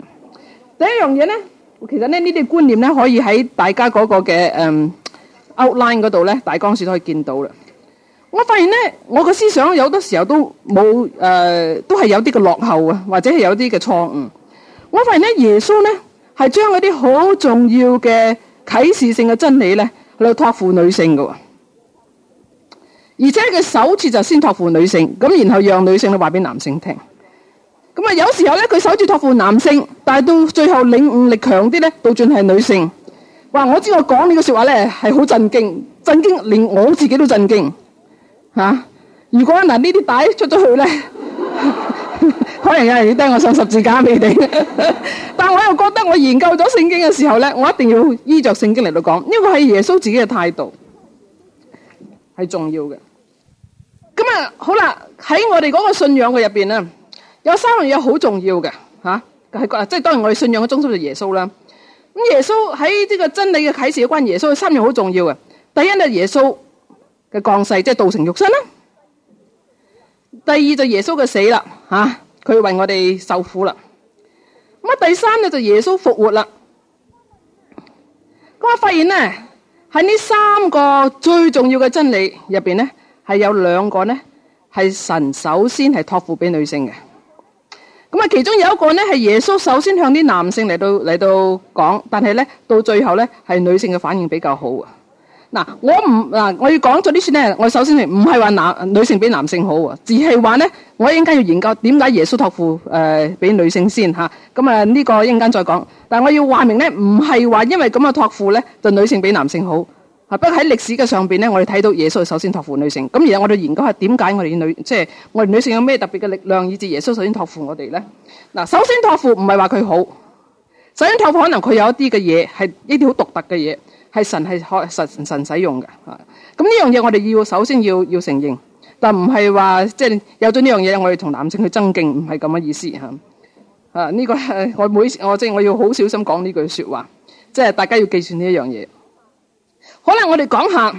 第一樣嘢咧，其實咧呢啲觀念咧，可以喺大家嗰個嘅誒、嗯、outline 嗰度咧，大江市都可以見到啦。我發現咧，我個思想有好多時候都冇誒、呃，都係有啲嘅落後啊，或者係有啲嘅錯誤。我發現咧，耶穌咧係將嗰啲好重要嘅啟示性嘅真理咧，嚟託付女性嘅喎。而且佢首次就先托付女性，咁然後讓女性咧，話俾男性聽。咁啊，有時候咧佢首次托付男性，但係到最後領悟力強啲咧，倒轉係女性。哇！我知我講呢個說話咧係好震驚，震驚連我自己都震驚。吓、啊，如果嗱呢啲帶出咗去咧， [laughs] [laughs] 可能有人要釘我上十字架俾你哋。 [laughs] 但我又覺得我研究咗聖經嘅時候咧，我一定要依著聖經嚟到講，呢個係耶穌自己嘅態度係重要嘅。咁啊，好啦，喺我哋嗰個信仰嘅入邊啊，有三樣嘢好重要嘅吓，係即係當然我哋信仰嘅中心就耶穌啦。咁耶穌喺呢個真理嘅啟示有關耶穌，有三樣好重要嘅。第一就耶穌嘅降世，即係道成肉身啦。第二就耶穌嘅死啦，吓、啊、佢為我哋受苦啦。咁啊，第三咧就耶穌復活啦。咁我發現咧喺呢在這三個最重要嘅真理入邊咧。係有兩個咧，係神首先係託付俾女性嘅。咁啊，其中有一個咧係耶穌首先向啲男性嚟到嚟到講，但係咧到最後咧係女性嘅反應比較好啊。嗱，我唔嗱，我要講咗呢啲咧，我首先唔係話男女性比男性好啊，而係話咧，我一陣間要研究點解耶穌託付誒俾女性先吓。咁啊呢個一陣間再講，但係我要話明咧，唔係話因為咁啊託付咧就女性比男性好。不過喺歷史嘅上邊咧，我哋睇到耶穌首先託付女性。咁而家我哋研究下點解我哋女，即係我哋女性有咩特別嘅力量，以至耶穌首先託付我哋咧？嗱，首先託付唔係話佢好，首先託付可能佢有一啲嘅嘢係呢啲好獨特嘅嘢，係神係可神神，神使用嘅㗎。咁呢樣嘢我哋要首先要要承認，但唔係話即係有咗呢樣嘢，我哋同男性去爭競，唔係咁嘅意思啊，呢個係我每我即係我要好小心講呢句說話，即係大家要記住呢一樣嘢。可能我哋講下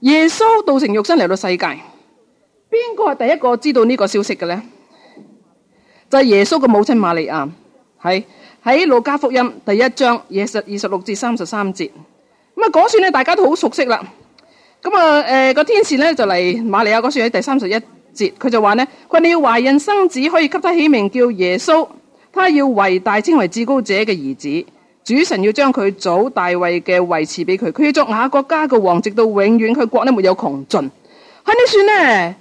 耶穌道成肉身嚟,到世界，邊個係第一個知道呢個消息嘅咧？就係、是、耶穌嘅母親瑪利亞，喺喺路加福音第一章耶十二十六至三十三節。咁、那、啊、個，嗰段咧大家都好熟悉啦。咁啊，誒、呃、個天使咧就嚟瑪利亞嗰段喺第三十一節，佢就話咧：，佢你要懷孕生子，可以給他起名叫耶穌，他要為大，稱為至高者嘅兒子。主神要將佢祖大衛嘅位置俾佢，佢要作雅各家嘅王，直到永遠，佢國呢沒有窮盡。喺、啊、呢算呢，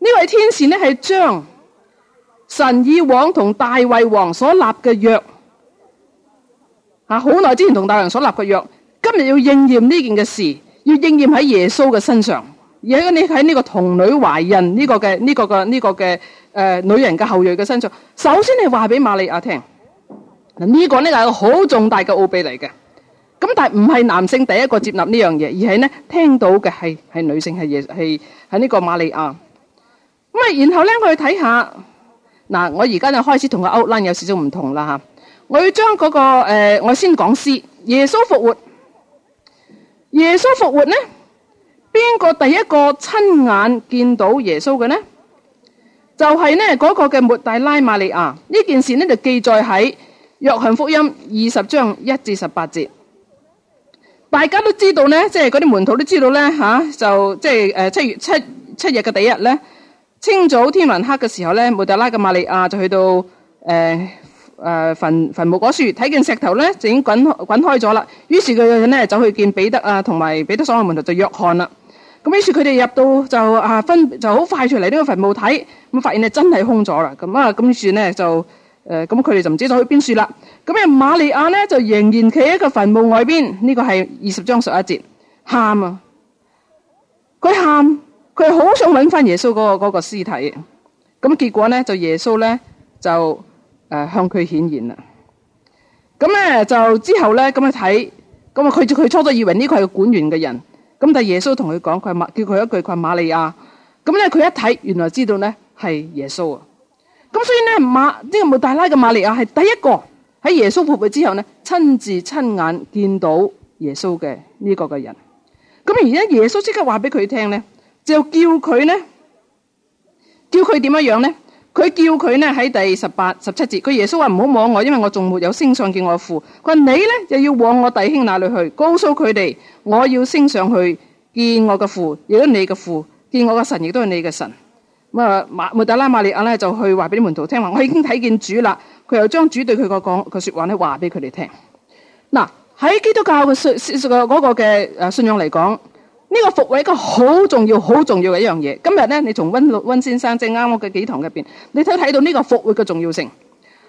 呢位天使呢係將神以往同大衛王所立嘅約啊，好耐之前同大人所立嘅約，今日要應驗呢件嘅事，要應驗喺耶穌嘅身上，而喺你喺呢個童女懷孕呢、呢個嘅呢、呢個嘅呢、呢個嘅誒、呃、女人嘅後裔嘅身上。首先，你話俾瑪利亞聽。呢、這個咧係、這個好重大嘅奧秘嚟嘅，咁但係唔係男性第一個接納呢樣嘢，而係咧聽到嘅係係女性係耶係喺呢個瑪利亞。咁啊，然後咧我去睇下嗱，我而家就開始同個 outline 有少少唔同啦吓，我要將嗰、那個誒、呃、我先講先，耶穌復活，耶穌復活咧，邊個第一個親眼見到耶穌嘅咧？就係咧嗰個嘅抹大拉瑪利亞，呢件事咧就記載喺。約翰福音二十章一至十八節，大家都知道咧，即係嗰啲門徒都知道咧，吓就即係誒七月七七日嘅第一日咧，清早天還黑嘅時候咧，抹大拉嘅瑪利亞就去到誒誒、呃呃、墳墳墓嗰處，睇見石頭咧已經滾滾開咗啦，於是佢咧走去見彼得啊，同埋彼得所嘅門徒就約翰啦，咁於是佢哋入到就啊分就好快出嚟，呢個墳墓睇，咁發現真係空咗啦，咁啊咁於是咧就。誒，咁佢哋就唔知道去邊處啦。咁啊，瑪利亞咧就仍然企喺個墳墓外邊。呢、這個係二十章十一節，喊啊！佢喊，佢好想揾翻耶穌嗰個、那個屍體。咁結果咧，就耶穌咧就誒、呃、向佢顯現啦。咁咧就之後咧咁去睇，咁啊佢佢初初以為呢個係管園嘅人。咁但耶穌同佢講，佢係瑪叫佢一句佢係瑪利亞。咁咧佢一睇，原來知道咧係耶穌啊！咁所以咧，馬即係摩大拉嘅馬利亞係第一個喺耶穌復活之後呢，親自親眼見到耶穌嘅呢個嘅人。咁而家耶穌即刻話俾佢聽咧，就叫佢咧，叫佢點樣樣咧？佢叫佢咧喺第十八、十七節，佢耶穌話唔好摸我，因為我仲沒有升上見我父。佢話你咧就要往我弟兄那裡去，告訴佢哋我要升上去見我嘅父，亦都你嘅父，見我嘅神亦都係你嘅神。也咁啊，抹大拉瑪利亞咧就去話俾啲門徒聽話，我已經睇見主啦。佢又將主對佢個講嘅說話，咧話俾佢哋聽。嗱，喺基督教嘅信個嘅誒信仰嚟講，呢、這個復活一個好重要、好重要嘅一樣嘢。今日咧，你從溫溫先生正啱我嘅幾堂入邊，你都睇到呢個復活嘅重要性。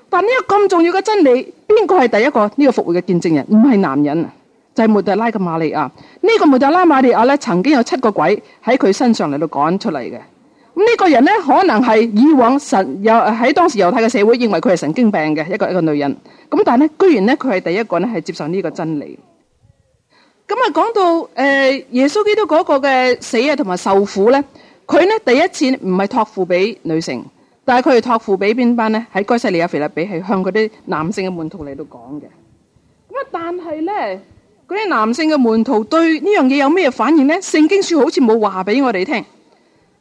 但呢個咁重要嘅真理，邊個係第一個呢個復活嘅見證人？唔係男人，就係抹大拉嘅瑪利亞。呢、這個抹大拉瑪利亞咧曾經有七個鬼喺佢身上嚟到趕出嚟嘅。呢個人咧，可能係以往神有喺當時猶太嘅社會認為佢係神經病嘅一個一個女人。咁但係咧，居然咧佢係第一個咧係接受呢個真理。咁、嗯、啊，講到誒、呃、耶穌基督嗰個嘅死啊同埋受苦咧，佢咧第一次唔係託付俾女性，但係佢係託付俾邊班咧？喺該撒利亞腓立比係向佢啲男性嘅門徒嚟到講嘅。咁、嗯、啊，但係咧嗰啲男性嘅門徒對呢樣嘢有咩反應咧？聖經書好似冇話俾我哋聽。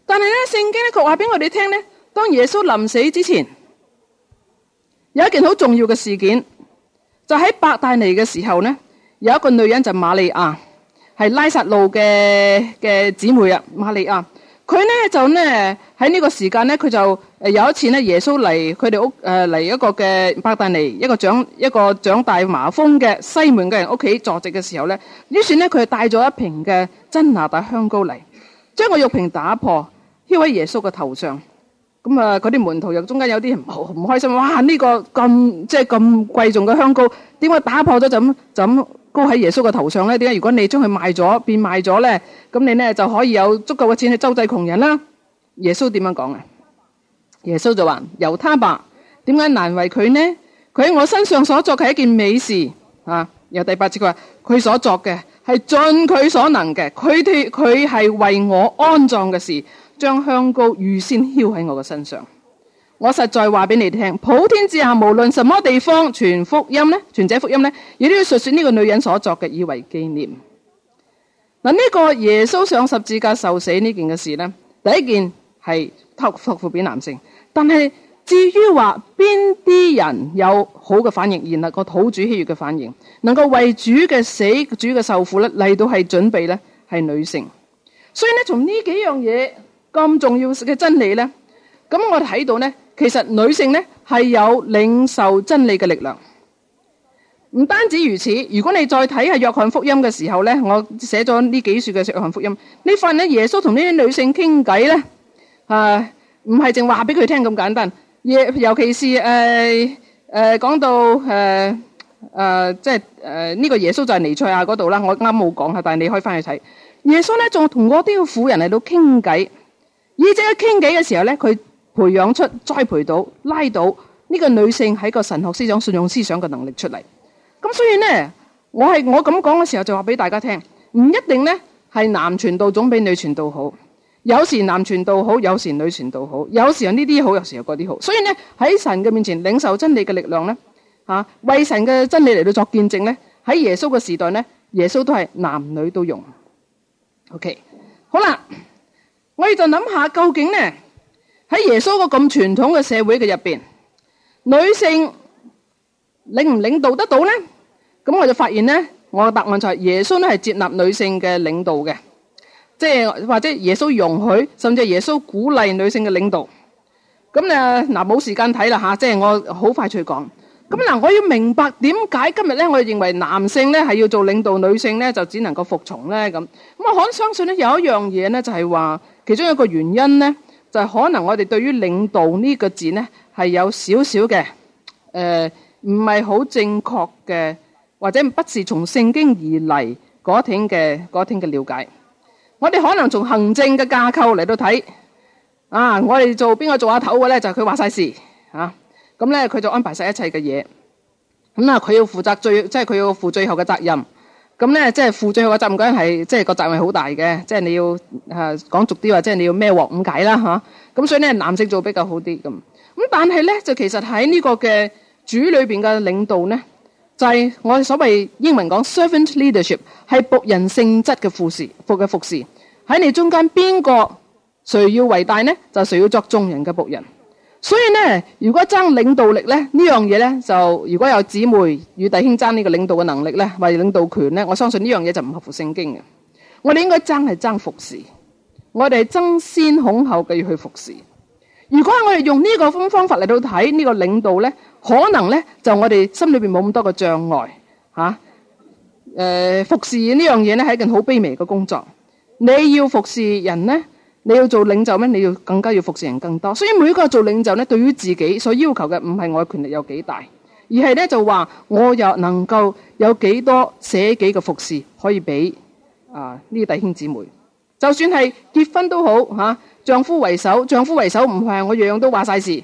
但係咧，聖經咧，佢話俾我哋聽咧，當耶穌臨死之前，有一件好重要嘅事件，就喺、是、伯大尼嘅時候咧，有一個女人就瑪利亞，係拉撒路嘅嘅姊妹啊，瑪利亞，佢咧就咧喺呢在這個時間咧，佢就誒有一次咧，耶穌嚟，佢哋屋誒嚟、呃、一個嘅伯大尼一個長一個長大麻風嘅西門嘅人屋企坐席嘅時候咧，於是咧佢帶咗一瓶嘅真哪噠香膏嚟，將個玉瓶打破。呢位耶穌嘅頭上咁啊，啲門徒又中間有啲人好唔開心。哇！呢個咁即係咁貴重嘅香膏，點解打破咗就咁就咁高喺耶穌嘅頭上咧？點解如果你將佢賣咗，變賣咗咧，咁你咧就可以有足夠嘅錢去周濟窮人啦？耶穌點樣講啊？耶穌就話由他吧。點解難為佢呢？佢喺我身上所作嘅係一件美事啊。然後第八節佢話佢所作嘅係盡佢所能嘅，佢脫佢係為我安葬嘅事。將香膏預先澆喺我嘅身上，我實在話俾你聽：普天之下無論什麼地方，全福音呢，全者福音呢，亦都要述說呢個女人所作嘅，以為紀念。嗱，呢個耶穌上十字架受死呢件嘅事呢，第一件係託託付俾男性，但係至於話邊啲人有好嘅反應，然後個土主喜悦嘅反應，能夠為主嘅死、主嘅受苦呢，嚟到係準備呢，係女性。所以呢，從呢幾樣嘢，咁重要嘅真理咧，咁我睇到咧，其實女性咧係有領受真理嘅力量。唔單止如此，如果你再睇下約翰福音嘅時候咧，我寫咗呢幾段嘅約翰福音呢份咧，耶穌同呢啲女性傾偈咧，啊，唔係淨話俾佢聽咁簡單，也尤其是誒誒講到誒誒，即係誒呢個耶穌就係彌賽亞嗰度啦。我啱冇講下，但係你可以翻去睇耶穌咧，仲同嗰啲婦人嚟到傾偈。.以這個傾偈嘅時候咧，佢培養出、栽培到、拉到呢、這個女性喺個神學思想、信仰思想嘅能力出嚟。咁所以呢，我係我咁講嘅時候就話俾大家聽，唔一定呢係男傳道總比女傳道好，有時男傳道好，有時女傳道好，有時候呢啲好，有時候嗰啲好。所以呢，喺神嘅面前領受真理嘅力量呢，吓、啊、為神嘅真理嚟到作見證呢。喺耶穌嘅時代呢，耶穌都係男女都用。OK，好啦。我哋就諗下究竟咧，喺耶穌個咁傳統嘅社會嘅入邊，女性領唔領導得到咧？咁我就發現咧，我嘅答案就係耶穌咧係接納女性嘅領導嘅，即係或者耶穌容許，甚至耶穌鼓勵女性嘅領導。咁咧嗱，冇時間睇啦吓，即係我好快脆講。咁嗱，我要明白點解今日咧，我認為男性咧係要做領導，女性咧就只能夠服從咧咁。咁我可相信咧有一樣嘢咧就係話。其中一個原因咧，就係、是、可能我哋對於領導呢個字咧，係有少少嘅誒，唔係好正確嘅，或者不是從聖經而嚟嗰天嘅嗰天嘅了解。我哋可能從行政嘅架構嚟到睇啊，我哋做邊個做下頭嘅咧，就係佢話晒事啊，咁咧佢就安排晒一切嘅嘢，咁啊佢要負責最，即係佢要負最後嘅責任。咁咧，即係、就是、負最後嘅責任係，即係個責任好大嘅，即、就、係、是、你要嚇、啊、講俗啲話，即、就、係、是、你要咩鑊誤解啦嚇。咁、啊、所以咧，男性做比較好啲咁。咁但係咧，就其實喺呢個嘅主裏面嘅領導咧，就係、是、我哋所謂英文講 servant leadership，係僕人性質嘅服侍，服嘅服侍。喺你中間邊個誰要偉大咧，就誰要作眾人嘅僕人。所以咧，如果爭領導力咧，呢樣嘢咧就如果有姊妹與弟兄爭呢個領導嘅能力咧，或者領導權咧，我相信呢樣嘢就唔合乎聖經嘅。我哋應該爭係爭服侍，我哋爭先恐後嘅要去服侍。如果我哋用呢個方方法嚟到睇呢個領導咧，可能咧就我哋心裏邊冇咁多嘅障礙吓。誒、啊呃，服侍呢樣嘢咧係一件好卑微嘅工作，你要服侍人咧。你要做領袖咩？你要更加要服侍人更多。所以每一個人做領袖咧，對於自己所要求嘅唔係我嘅權力有幾大，而係咧就話我又能夠有幾多捨己嘅服侍可以俾啊呢弟兄姊妹。就算係結婚都好吓，啊，丈夫為首，丈夫為首唔係我樣樣都話晒事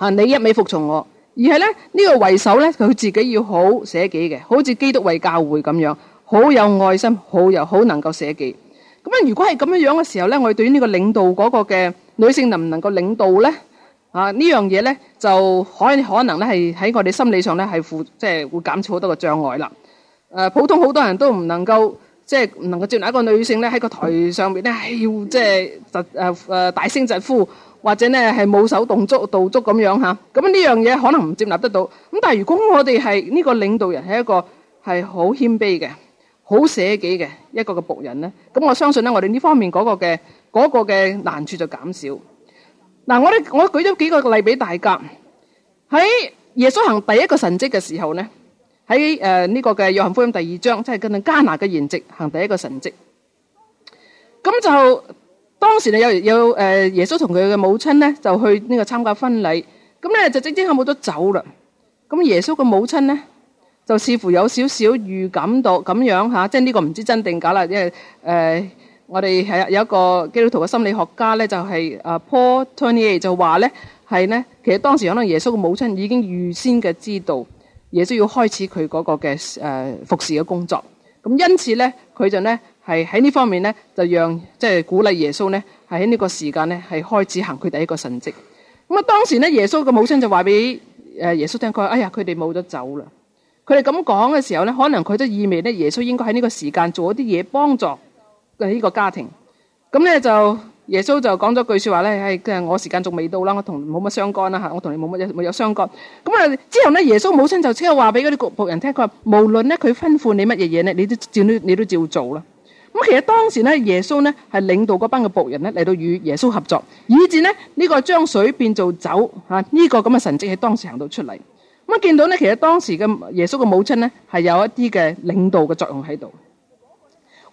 吓，你一味服從我，而係咧呢個為首咧佢自己要好捨己嘅，好似基督為教會咁樣，好有愛心，好有好能夠捨己。咁如果係咁樣樣嘅時候咧，我哋對於呢個領導嗰個嘅女性能唔能夠領導咧？啊，這件事呢樣嘢咧，就可可能咧係喺我哋心理上咧係負，即、就、係、是、會減少好多嘅障礙啦。誒、啊，普通好多人都唔能夠，即係唔能夠接納一個女性咧喺個台上邊咧係要即係誒誒大聲疾呼，或者咧係舞手動足、蹈足咁樣吓。咁呢樣嘢可能唔接納得到。咁但係如果我哋係呢個領導人係一個係好謙卑嘅。好捨己嘅一個嘅僕人咧，咁我相信咧，我哋呢方面嗰個嘅嗰個嘅難處就減少。嗱、啊，我哋我舉咗幾個例俾大家，喺耶穌行第一個神蹟嘅時候咧，喺誒呢個嘅約翰福音第二章，即係跟住加拿嘅筵席行第一個神蹟。咁就當時咧有有誒耶穌同佢嘅母親咧就去呢個參加婚禮，咁咧就正正係冇得走啦。咁耶穌嘅母親咧，就似乎有少少預感到咁樣，啊、即呢個唔知真定假啦，因為、呃、我哋係有一個基督徒嘅心理學家咧，就係，是，誒 Paul Tournier 就話咧係咧，其實當時可能耶穌嘅母親已經預先嘅知道耶穌要開始佢嗰個嘅誒，呃、服侍嘅工作，咁因此咧佢就咧係喺呢方面咧就讓即係，就是，鼓勵耶穌咧喺呢個時間咧係開始行佢第一個神蹟，咁啊，當時咧耶穌嘅母親就話俾耶穌聽，佢話：哎呀，佢哋冇得走啦。佢哋咁講嘅時候咧，可能佢都意味咧耶穌應該喺呢個時間做一啲嘢，幫助呢個家庭。咁咧就耶穌就講咗句說話咧、哎，我時間仲未到啦，我同冇乜相干啦吓，我同你冇乜冇有相干。咁啊之後咧，耶穌母親就即刻話俾嗰啲僕人聽，佢話，無論咧佢吩咐你乜嘢嘢咧，你都照你都照做啦。咁其實當時咧，耶穌咧係領導嗰班嘅僕人咧嚟,到與耶穌合作，以至呢，呢個將水變做酒吓呢個咁嘅神蹟，喺當時行到出嚟。咁見到咧，其實當時嘅耶穌嘅母親咧，係有一啲嘅領導嘅作用喺度。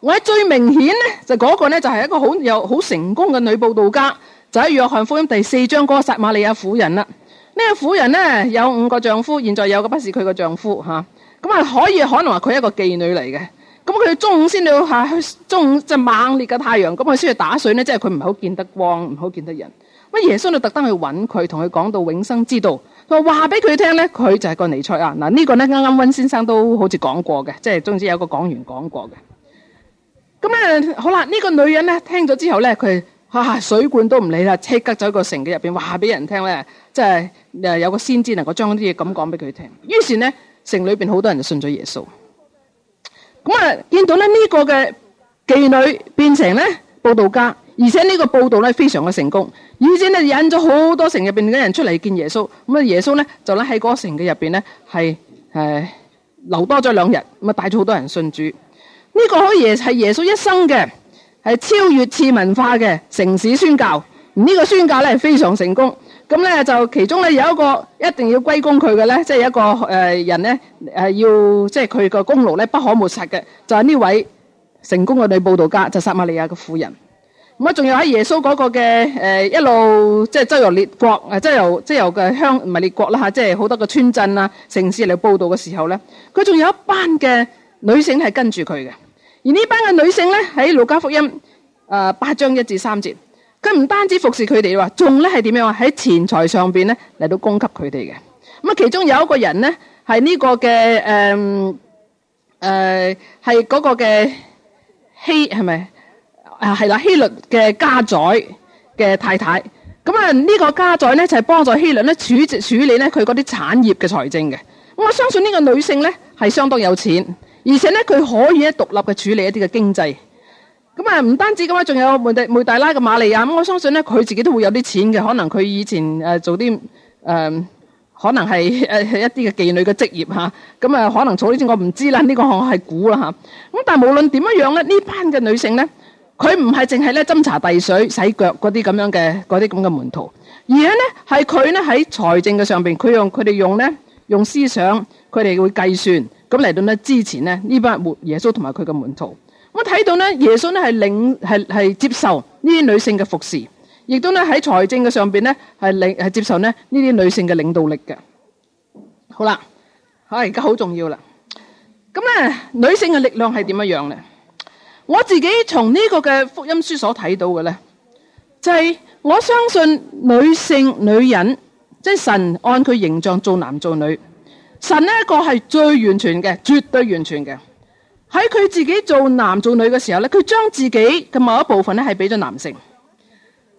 我最明顯咧，就嗰個咧，就係一個好有好成功嘅女佈道家，就喺約翰福音第四章嗰個撒瑪利亞婦人啦。呢個婦人咧，有五個丈夫，現在有個不是佢嘅丈夫吓，咁啊可以可能話佢係一個妓女嚟嘅。咁佢中午先到吓，啊，中午即係猛烈嘅太陽，咁佢先去打水咧，即係佢唔好見得光，唔好見得人。咁耶穌就特登去揾佢，同佢講到永生之道，話俾佢聽咧，佢就係個彌賽亞。嗱，這，呢個咧，啱啱温先生都好似講過嘅，即係總之有個講員講過嘅。咁啊好啦，呢，這個女人咧聽咗之後咧，佢啊水罐都唔理啦，即刻走個城嘅入邊話俾人聽咧，即係誒有個先知能夠將啲嘢咁講俾佢聽。於是咧，城裏邊好多人就信咗耶穌。咁啊，見到咧呢個嘅妓女變成咧佈道家。而且呢個報道咧非常嘅成功，而且咧引咗好多城入邊嘅人出嚟見耶穌。咁啊，耶穌咧就咧喺嗰城嘅入邊咧係誒留多咗兩日，咁啊帶咗好多人信主。呢個可以係耶穌一生嘅係超越次文化嘅城市宣教。呢個宣教咧係非常成功。咁咧就其中咧有一個一定要歸功佢嘅咧，即係一個誒人咧誒要即係佢個功勞咧不可抹殺嘅，就係呢位成功嘅女報道家就撒瑪利亞嘅婦人。咁啊，仲有喺耶穌嗰個嘅誒一路，即係周遊列國，誒即係由即係由嘅鄉唔係列國啦嚇，即係好多個村鎮啊城市嚟報道嘅時候咧，佢仲有一班嘅女性係跟住佢嘅，而呢班嘅女性咧喺路加福音誒八章一至三節，佢唔單止服侍佢哋嘅話，仲咧係點樣啊？喺錢財上面咧嚟到供給佢哋嘅。咁啊，其中有一個人咧係呢個嘅誒誒係嗰個嘅希係咪？是啊，係啦，希律嘅家宰嘅太太，咁啊呢個家宰咧就係、是、幫助希律咧處處理咧佢嗰啲產業嘅財政嘅。咁我相信呢個女性咧係相當有錢，而且咧佢可以咧獨立嘅處理一啲嘅經濟。咁啊唔單止咁仲有梅大拉嘅瑪利亞，咁我相信咧佢自己都會有啲錢嘅，可能佢以前誒、呃、做啲誒、呃、可能係誒、呃、一啲嘅妓女嘅職業吓，咁啊可能做呢啲我唔知啦，呢、這個我係估啦吓。咁、啊、但係無論點樣咧，呢班嘅女性咧，佢唔係淨係咧斟茶遞水、洗腳嗰啲咁樣嘅、嗰啲咁嘅門徒，而係咧係佢咧喺財政嘅上邊，佢用佢哋用咧用思想，佢哋會計算，咁嚟到咧之前咧呢班耶穌同埋佢嘅門徒。我睇到咧耶穌咧係領係係接,接受呢啲女性嘅服侍，亦都咧喺財政嘅上邊咧係領係接受咧呢啲女性嘅領導力嘅。好啦，吓而家好重要啦。咁咧女性嘅力量係點樣樣咧？我自己從呢個嘅福音書所睇到嘅咧，就係、是，我相信女性女人，即係神按佢形象做男做女。神呢一個係最完全嘅，絕對完全嘅。喺佢自己做男做女嘅時候咧，佢將自己嘅某一部分咧係俾咗男性，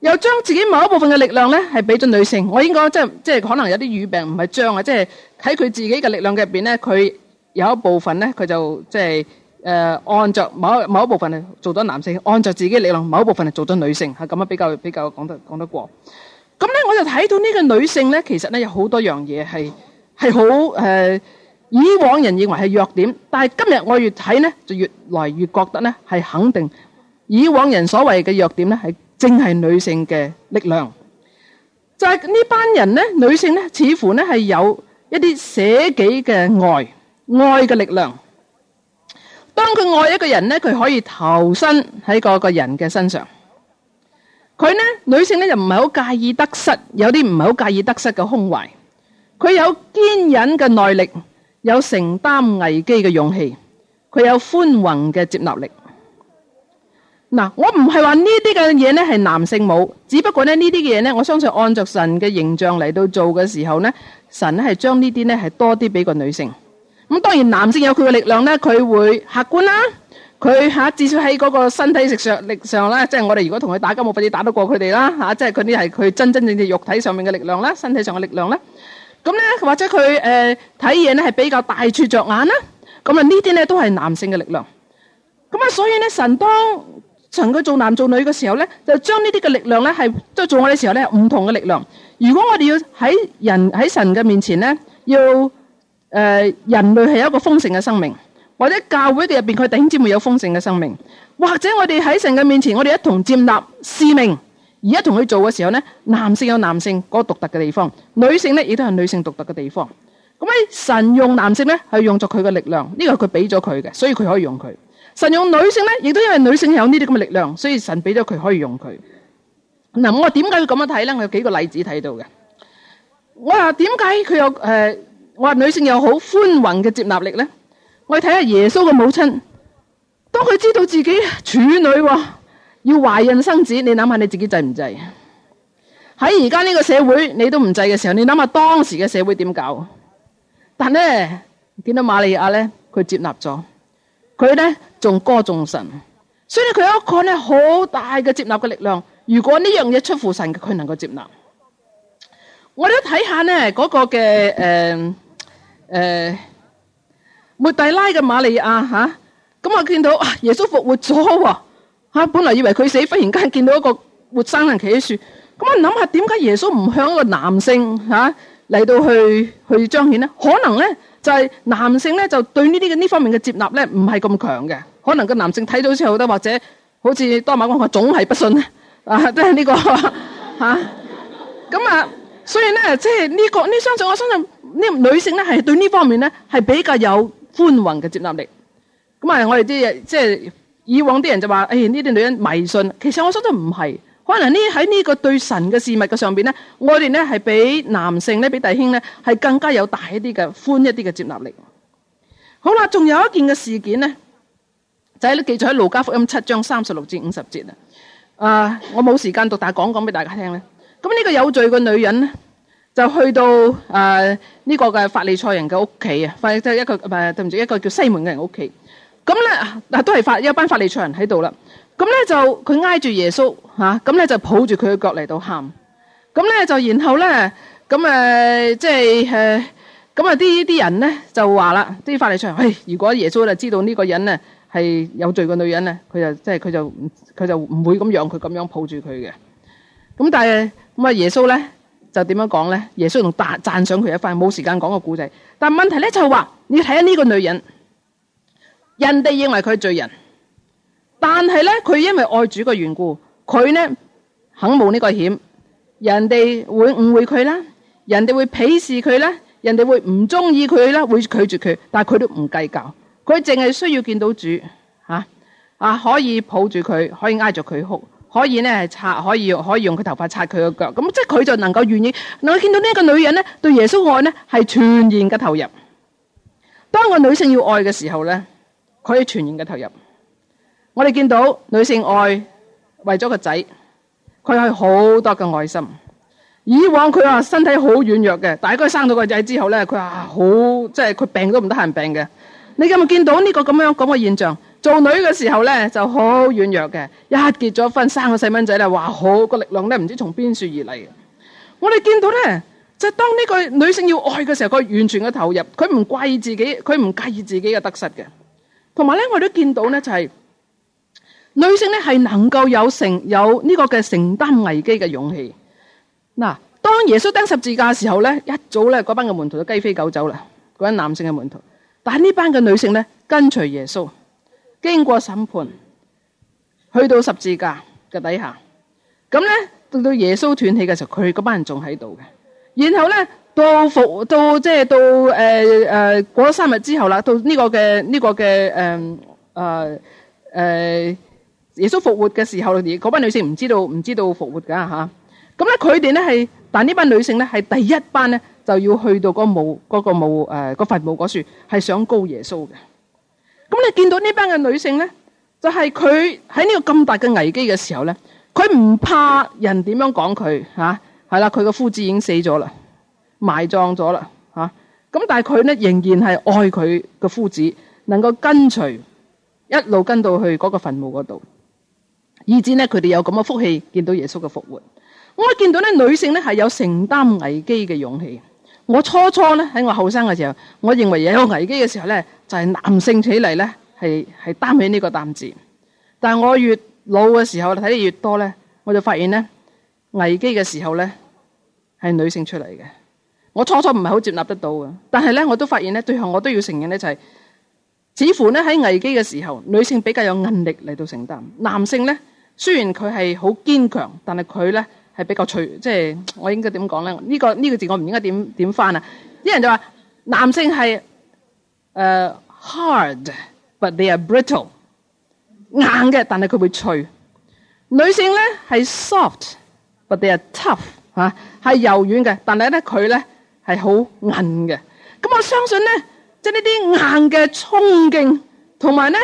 又將自己某一部分嘅力量咧係俾咗女性。我應該即係即係可能有啲語病，唔係將啊，即係喺佢自己嘅力量入邊咧，佢有一部分咧佢就即係。誒按著某某一部分嚟做咗男性，按著自己嘅力量某一部分嚟做咗女性，係咁樣比較比較講得講得過。咁咧，我就睇到呢個女性咧，其實咧有好多樣嘢係係好誒，以往人認為係弱點，但係今日我越睇咧，就越來越覺得咧係肯定以往人所謂嘅弱點咧，係正係女性嘅力量。就係呢班人咧，女性咧似乎咧係有一啲捨己嘅愛愛嘅力量。當佢愛一個人呢，佢可以投身喺個個人嘅身上。佢呢，女性呢，就唔係好介意得失，有啲唔係好介意得失嘅胸懷。佢有堅忍嘅耐力，有承擔危機嘅勇氣，佢有寬宏嘅接納力。嗱，我唔係話呢啲嘅嘢呢係男性冇，只不過呢，呢啲嘅嘢呢，我相信按着神嘅形象嚟到做嘅時候呢，神係將呢啲呢係多啲俾個女性。咁當然男性有佢嘅力量咧，佢會客觀啦，佢嚇至少喺嗰個身體力上力上咧，即係我哋如果同佢打交，冇法子打得過佢哋啦嚇，即係佢啲係佢真真正正肉體上面嘅力量啦，身體上嘅力量啦。咁咧或者佢誒睇嘢咧係比較大處着眼啦。咁啊呢啲咧都係男性嘅力量。咁啊所以咧神當神佢做男做女嘅時候咧，就將呢啲嘅力量咧即係做我哋時候咧唔同嘅力量。如果我哋要喺人喺神嘅面前咧要。誒、呃，人類係一個豐盛嘅生命，或者教會入邊佢弟兄姊妹有豐盛嘅生命，或者我哋喺神嘅面前，我哋一同接納使命，而一同去做嘅時候咧，男性有男性嗰、那個獨特嘅地方，女性呢亦都係女性獨特嘅地方。咁神用男性呢係用作佢嘅力量，呢個係佢俾咗佢嘅，所以佢可以用佢。神用女性呢，亦都因為女性有呢啲咁嘅力量，所以神俾咗佢可以用佢。咁、嗯、我點解要咁樣睇呢？我有幾個例子睇到嘅。我話點解佢有誒？呃我話女性有好寬宏嘅接納力呢。我哋睇下耶穌嘅母親，當佢知道自己處女，要懷孕生子，你諗下你自己制唔制？喺而家呢個社會你都唔制嘅時候，你諗下當時嘅社會點搞？但呢，見到瑪利亞呢，佢接納咗，佢呢仲歌頌神，所以佢有一個呢好大嘅接納嘅力量。如果呢樣嘢出乎神，佢能夠接納。我哋都睇下呢嗰、那個嘅誒。呃誒，抹大拉嘅馬利亞吓，咁、啊、我見到、啊、耶穌復活咗喎，吓、啊、本來以為佢死，忽然間見到一個活生人企喺樹，咁我諗下點解耶穌唔向一個男性吓嚟、啊、到去去彰顯咧？可能咧就係、是、男性咧就對呢啲嘅呢方面嘅接納咧唔係咁強嘅，可能個男性睇到之後咧，或者好似多馬講話總係不信啊都係呢個吓，咁啊， [laughs] 啊，所以咧即係呢、呢個呢相信我相信。呢女性咧係對呢方面咧係比較有寬宏嘅接納力。咁啊、就是，我哋啲即係以往啲人就話，誒呢啲女人迷信。其實我想都唔係。可能呢喺呢個對神嘅事物嘅上邊咧，我哋咧係比男性咧，比弟兄咧係更加有大一啲嘅寬一啲嘅接納力。好啦，仲有一件嘅事件咧，就喺、是、呢記載喺路加福音七章三十六至五十節啊。啊、呃，我冇時間讀，但係講講俾大家聽咧。咁呢個有罪嘅女人咧。就去到誒呢、呃這個嘅法利賽人嘅屋企啊，或即一個唔、呃、對唔住一個叫西門嘅人屋企。咁咧都係法一班法利賽人喺度啦。咁咧就佢挨住耶穌嚇，咁咧就抱住佢嘅腳嚟到喊。咁咧就然後咧咁誒即係誒咁啊！啲、呃、啲人咧就話啦，啲法利賽人、哎，如果耶穌咧知道呢個人咧係有罪嘅女人咧，佢就即係佢就佢就唔會咁樣佢咁樣抱住佢嘅。咁但係咁啊，耶穌咧。就點樣講呢？耶穌同讚讚賞佢一塊，冇時間講個故仔。但問題呢就話，你睇下呢個女人，人哋認為佢係罪人，但係呢，佢因為愛主嘅緣故，佢呢肯冒呢個險。人哋會誤會佢啦，人哋會鄙視佢啦，人哋會唔中意佢啦，會拒絕佢，但係佢都唔計較，佢淨係需要見到主，吓啊，啊可以抱住佢，可以挨住佢哭。可以咧，擦可以可以用佢頭髮擦佢個腳，咁即係佢就能夠願意。你見到呢個女人咧，對耶穌愛咧係全然嘅投入。當個女性要愛嘅時候咧，佢係全然嘅投入。我哋見到女性愛為咗個仔，佢係好多嘅愛心。以往佢話身體好軟弱嘅，但係佢生到個仔之後咧，佢話好即係佢病都唔得閒病嘅。你有冇見到呢個咁樣咁嘅現象？做女嘅時候呢就好軟弱嘅，一結咗婚，生個細蚊仔呢哇！好個力量呢，唔知從邊處而嚟。我哋見到呢，就當呢個女性要愛嘅時候，佢完全嘅投入，佢唔怪自己，佢唔介意自己嘅得失嘅。同埋呢，我哋都見到呢，就係女性呢係能夠有成有呢個嘅承擔危機嘅勇氣嗱。當耶穌登十字架嘅時候呢，一早呢嗰班嘅門徒就雞飛狗走啦。嗰班男性嘅門徒，但係呢班嘅女性呢，跟隨耶穌。經過審判，去到十字架嘅底下，咁咧到到耶穌斷氣嘅時候，佢嗰班人仲喺度嘅。然後咧到服到即係到誒誒，過、呃、咗、呃、三日之後啦，到呢個嘅呢、呢個嘅誒誒，耶穌復活嘅時候，嗰班女性唔知道唔知道復活噶吓。咁咧佢哋咧係，但呢班女性咧係第一班咧，就要去到嗰墓嗰個墓誒，個墳墓嗰處，係、呃、想告耶穌嘅。咁你見到呢班嘅女性咧，就係佢喺呢個咁大嘅危機嘅時候咧，佢唔怕人點樣講佢吓，係、啊、啦，佢嘅夫子已經死咗啦，埋葬咗啦吓，咁、啊、但係佢咧仍然係愛佢嘅夫子，能夠跟隨一路跟到去嗰個墳墓嗰度，以至咧佢哋有咁嘅福氣見到耶穌嘅復活。我見到咧女性咧係有承擔危機嘅勇氣。我初初呢，喺我後生嘅時候，我認為有危機嘅時候呢，就係、是、男性起嚟呢，係係擔起呢個擔子。但係我越老嘅時候呢，睇得越多呢，我就發現呢，危機嘅時候呢係女性出嚟嘅。我初初唔係好接納得到嘅，但係呢，我都發現呢，最後我都要承認呢，就係、是、似乎呢，喺危機嘅時候，女性比較有韌力嚟到承擔。男性呢，雖然佢係好堅強，但係佢呢。係比較脆，即係我應該點講咧？呢個呢個字我唔應該點點翻啊！啲人就話男性係誒 hard，but they are brittle，硬嘅，但係佢會脆；女性咧係 soft，but they are tough，嚇係柔軟嘅，但係咧佢咧係好硬嘅。咁我相信咧，即係呢啲硬嘅衝勁同埋咧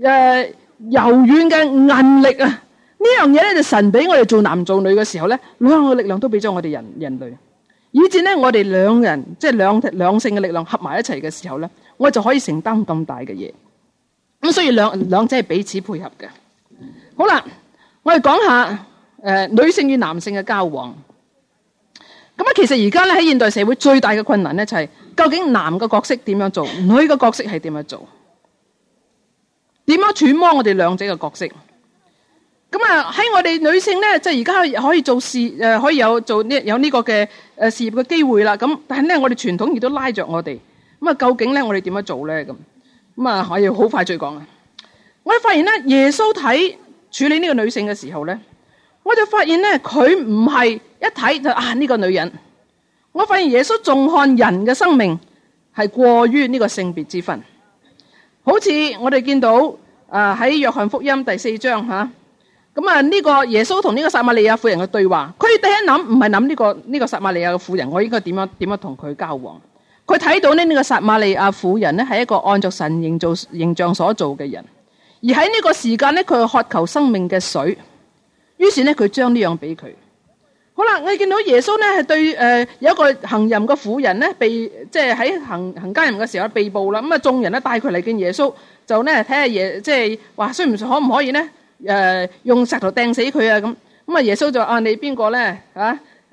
誒柔軟嘅韌力啊！這事呢樣嘢咧就，神俾我哋做男做女嘅時候咧，兩個力量都俾咗我哋人人類。以至咧我哋兩人即係兩兩性嘅力量合埋一齊嘅時候咧，我就可以承擔咁大嘅嘢。咁、嗯、所以兩兩者係彼此配合嘅。好啦，我哋講一下誒、呃、女性與男性嘅交往。咁、嗯、啊，其實而家咧喺現代社會最大嘅困難咧就係、是、究竟男嘅角色點樣做，女嘅角色係點樣做？點樣揣摩我哋兩者嘅角色？咁啊，喺、嗯、我哋女性咧，即係而家可以做事誒、呃，可以有做呢有呢個嘅誒事業嘅機會啦。咁但係咧，我哋傳統亦都拉着我哋。咁、嗯、啊，究竟咧我哋點樣做咧？咁咁啊，我要好快再講啊！我哋發現咧，耶穌睇處理呢個女性嘅時候咧，我就發現咧佢唔係一睇就啊呢、呢個女人。我發現耶穌重看人嘅生命係過於呢個性別之分，好似我哋見到啊喺、呃、約翰福音第四章吓。啊咁啊，呢個耶穌同呢個撒瑪利亞婦人嘅對話，佢第一諗唔係諗呢個呢、這個撒瑪利亞嘅婦人，我應該點樣點樣同佢交往？佢睇到呢、這個撒瑪利亞婦人呢，係一個按照神營造形象所做嘅人，而喺呢個時間呢，佢渴求生命嘅水，於是呢，佢將呢樣俾佢。好啦，我見到耶穌呢，係對誒、呃、有一個行淫嘅婦人呢，被即係喺行行奸淫嘅時候被捕啦，咁啊眾人呢，帶佢嚟見耶穌，就呢睇下耶即係話需唔可唔可以呢？」誒，用石頭掟死佢啊！咁咁啊，耶穌就啊，你邊個咧吓？誒、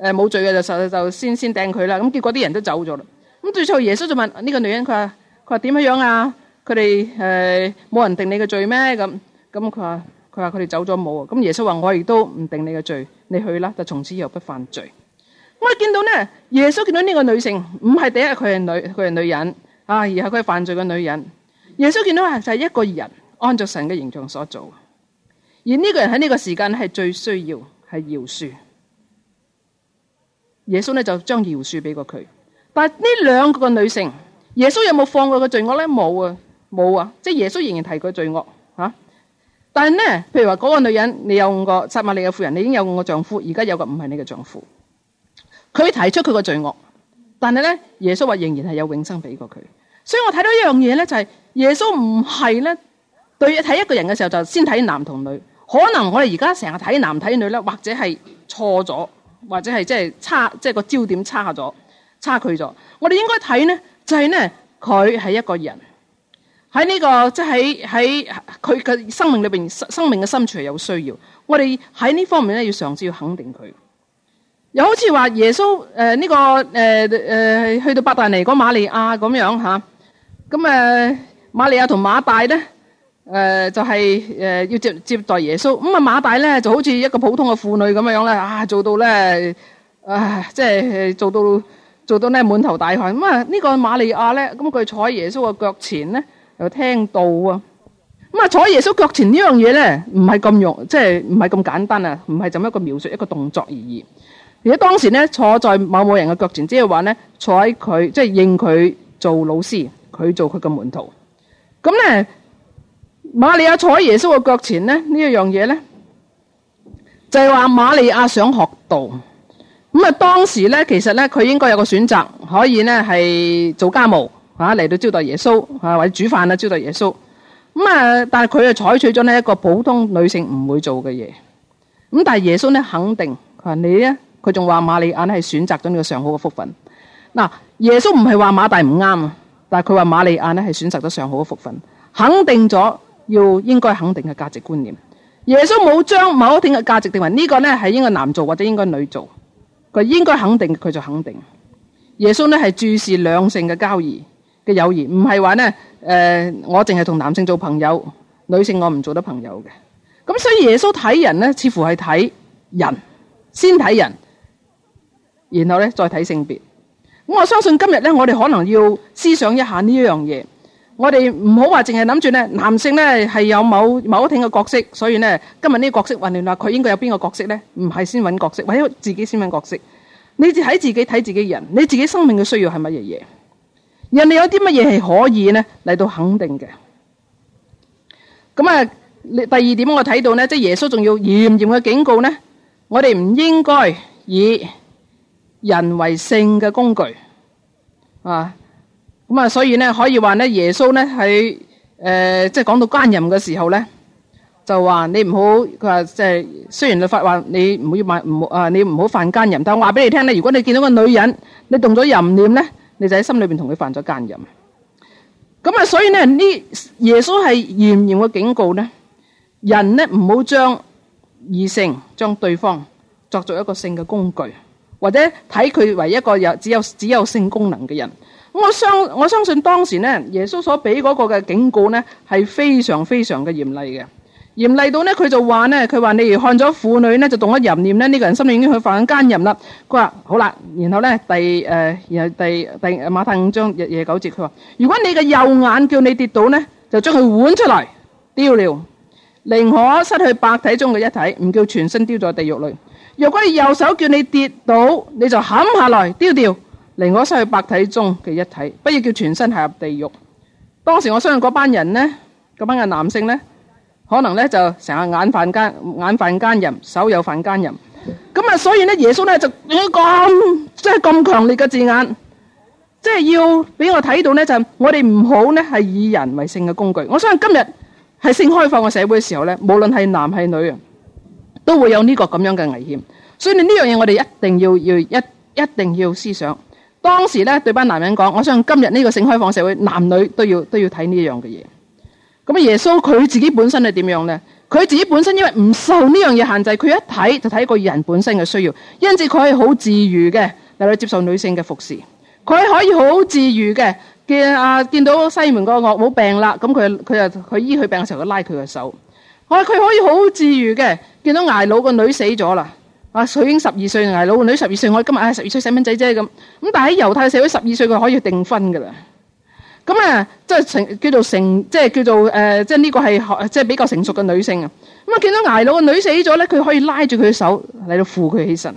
啊，冇罪嘅就實就先先掟佢啦。咁結果啲人都走咗啦。咁最最後，耶穌就問呢、這個女人：佢話佢話點嘅樣啊？佢哋誒冇人定你嘅罪咩？咁咁佢話佢話佢哋走咗冇啊。咁耶穌話：我亦都唔定你嘅罪，你去啦，就從此以後不犯罪。我見到咧，耶穌見到呢個女性，唔係第一佢係女佢係女人啊，而係佢係犯罪嘅女人。耶穌見到係就係一個人，按着神嘅形象所做。而呢個人喺呢個時間咧係最需要係饒恕，耶穌咧就將饒恕俾過佢。但呢兩個女性，耶穌有冇放過個罪惡咧？冇啊，冇啊，即係耶穌仍然提佢罪惡吓、啊。但係咧，譬如話嗰個女人，你有五個撒瑪利亞婦人，你已經有五個丈夫，而家有個唔係你嘅丈夫，佢提出佢個罪惡，但係咧，耶穌話仍然係有永生俾過佢。所以我睇到一樣嘢咧，就係、是、耶穌唔係咧對睇一個人嘅時候就先睇男同女。可能我哋而家成日睇男睇女咧，或者係錯咗，或者係即係差，即係個焦點差咗，差距咗。我哋應該睇咧，就係、是、咧，佢係一個人喺呢、這個即係喺喺佢嘅生命裏邊，生命嘅深處係有需要。我哋喺呢方面咧，要嘗試要肯定佢。又好似話耶穌誒，呢、呃這個誒誒、呃呃，去到伯大尼講瑪利亞咁樣吓，咁誒瑪利亞同馬大咧。誒、呃，就係、是、誒、呃，要接接待耶穌咁啊、嗯。馬大咧就好似一個普通嘅婦女咁樣樣咧，啊，做到咧啊，即係做到做到咧，滿頭大汗咁啊。呢、嗯這個瑪利亞咧，咁佢坐喺耶穌嘅腳前咧，又聽到啊。咁、嗯、啊，坐喺耶穌腳前呢樣嘢咧，唔係咁容，即係唔係咁簡單啊，唔係就咁一個描述一個動作而已。而且當時咧，坐在某某人嘅腳前，即係話咧，坐喺佢即係認佢做老師，佢做佢嘅門徒咁咧。嗯瑪利亞坐喺耶穌嘅腳前呢，這個、東西呢一樣嘢咧，就係、是、話瑪利亞想學道。咁啊，當時咧，其實咧，佢應該有個選擇，可以咧係做家務吓嚟，啊、到招待耶穌吓、啊，或者煮飯啊招待耶穌。咁啊，但係佢啊採取咗呢一個普通女性唔會做嘅嘢。咁但係耶穌咧肯定佢話你咧，佢仲話瑪利亞咧係選擇咗呢個上好嘅福分。嗱、啊，耶穌唔係話馬大唔啱啊，但係佢話瑪利亞咧係選擇咗上好嘅福分，肯定咗。要應該肯定嘅價值觀念，耶穌冇將某一點嘅價值定為呢、呢個呢係應該男做或者應該女做，佢應該肯定佢就肯定。耶穌呢係注視兩性嘅交易嘅友誼，唔係話呢。誒、呃、我淨係同男性做朋友，女性我唔做得朋友嘅。咁所以耶穌睇人呢，似乎係睇人先睇人，然後呢再睇性別。咁我相信今日呢，我哋可能要思想一下呢一樣嘢。我哋唔好話淨係諗住咧，男性咧係有某某一挺嘅角色，所以咧今日呢個角色混亂啦，佢應該有邊個角色咧？唔係先搵角色，或者自己先搵角色。你就喺自己睇自己人，你自己生命嘅需要係乜嘢嘢？人哋有啲乜嘢係可以咧嚟，到肯定嘅？咁啊，第二點我睇到咧，即係耶穌仲要嚴嚴嘅警告咧，我哋唔應該以人為性嘅工具啊。咁啊，所以咧，可以話咧，耶穌咧喺，誒，即係講到奸淫嘅時候咧，就話你唔好，佢話即係雖然律法話你唔好犯唔好啊，你唔好犯奸淫，但係我話俾你聽咧，如果你見到個女人，你動咗淫念咧，你就喺心裏邊同佢犯咗奸淫。咁啊，所以咧呢，耶穌係嚴嚴嘅警告咧，人咧唔好將異性將對方作作一個性嘅工具，或者睇佢為一個有只有只有性功能嘅人。我相我相信當時呢，耶穌所俾嗰個嘅警告呢，係非常非常嘅嚴厲嘅，嚴厲到呢，佢就話呢，佢話你如看咗婦女呢，就動咗淫念呢，呢個人心裏已經去犯奸淫啦。佢話好啦，然後呢，第誒、呃，然後第第，第馬太五章廿,廿九節，佢話：如果你嘅右眼叫你跌倒呢，就將佢換出來丟了，寧可失去百體中嘅一體，唔叫全身丟在地獄裏；若果你右手叫你跌倒，你就砍下來丟掉。令我失去百體中嘅一體，不如叫全身下入地獄。當時我相信嗰班人呢，嗰班嘅男性呢，可能呢就成日眼犯奸，眼犯奸淫，手又犯奸淫。咁啊，所以呢，耶穌呢就咁，哎，即係咁強烈嘅字眼，即係要俾我睇到呢，就係，我哋唔好呢係以人為性嘅工具。我相信今日係性開放嘅社會嘅時候呢，無論係男係女啊，都會有呢，呢個咁樣嘅危險。所以呢呢樣嘢我哋一定要要一一定要思想。當時咧對班男人講，我相信今日呢個性開放社會，男女都要都要睇呢樣嘅嘢。咁啊，耶穌佢自己本身係點樣呢？佢自己本身因為唔受呢樣嘢限制，佢一睇就睇個人本身嘅需要，因此佢係好自如嘅，嚟到接受女性嘅服侍。佢可以好自如嘅，見啊見到西門個岳母病啦，咁佢佢啊佢醫佢病嘅時候，佢拉佢嘅手。我佢可以好自如嘅，見到睚魯個女死咗啦。啊，水英十二歲挨老女十二歲，我今日唉十二歲細蚊仔啫咁。咁、嗯、但係喺猶太社會十二歲佢可以訂婚噶啦。咁、嗯、啊，即係成叫做成，即係叫做誒、呃，即係呢、這個係即係比較成熟嘅女性啊。咁、嗯、啊，見到挨老個女死咗咧，佢可以拉住佢嘅手嚟到扶佢起身。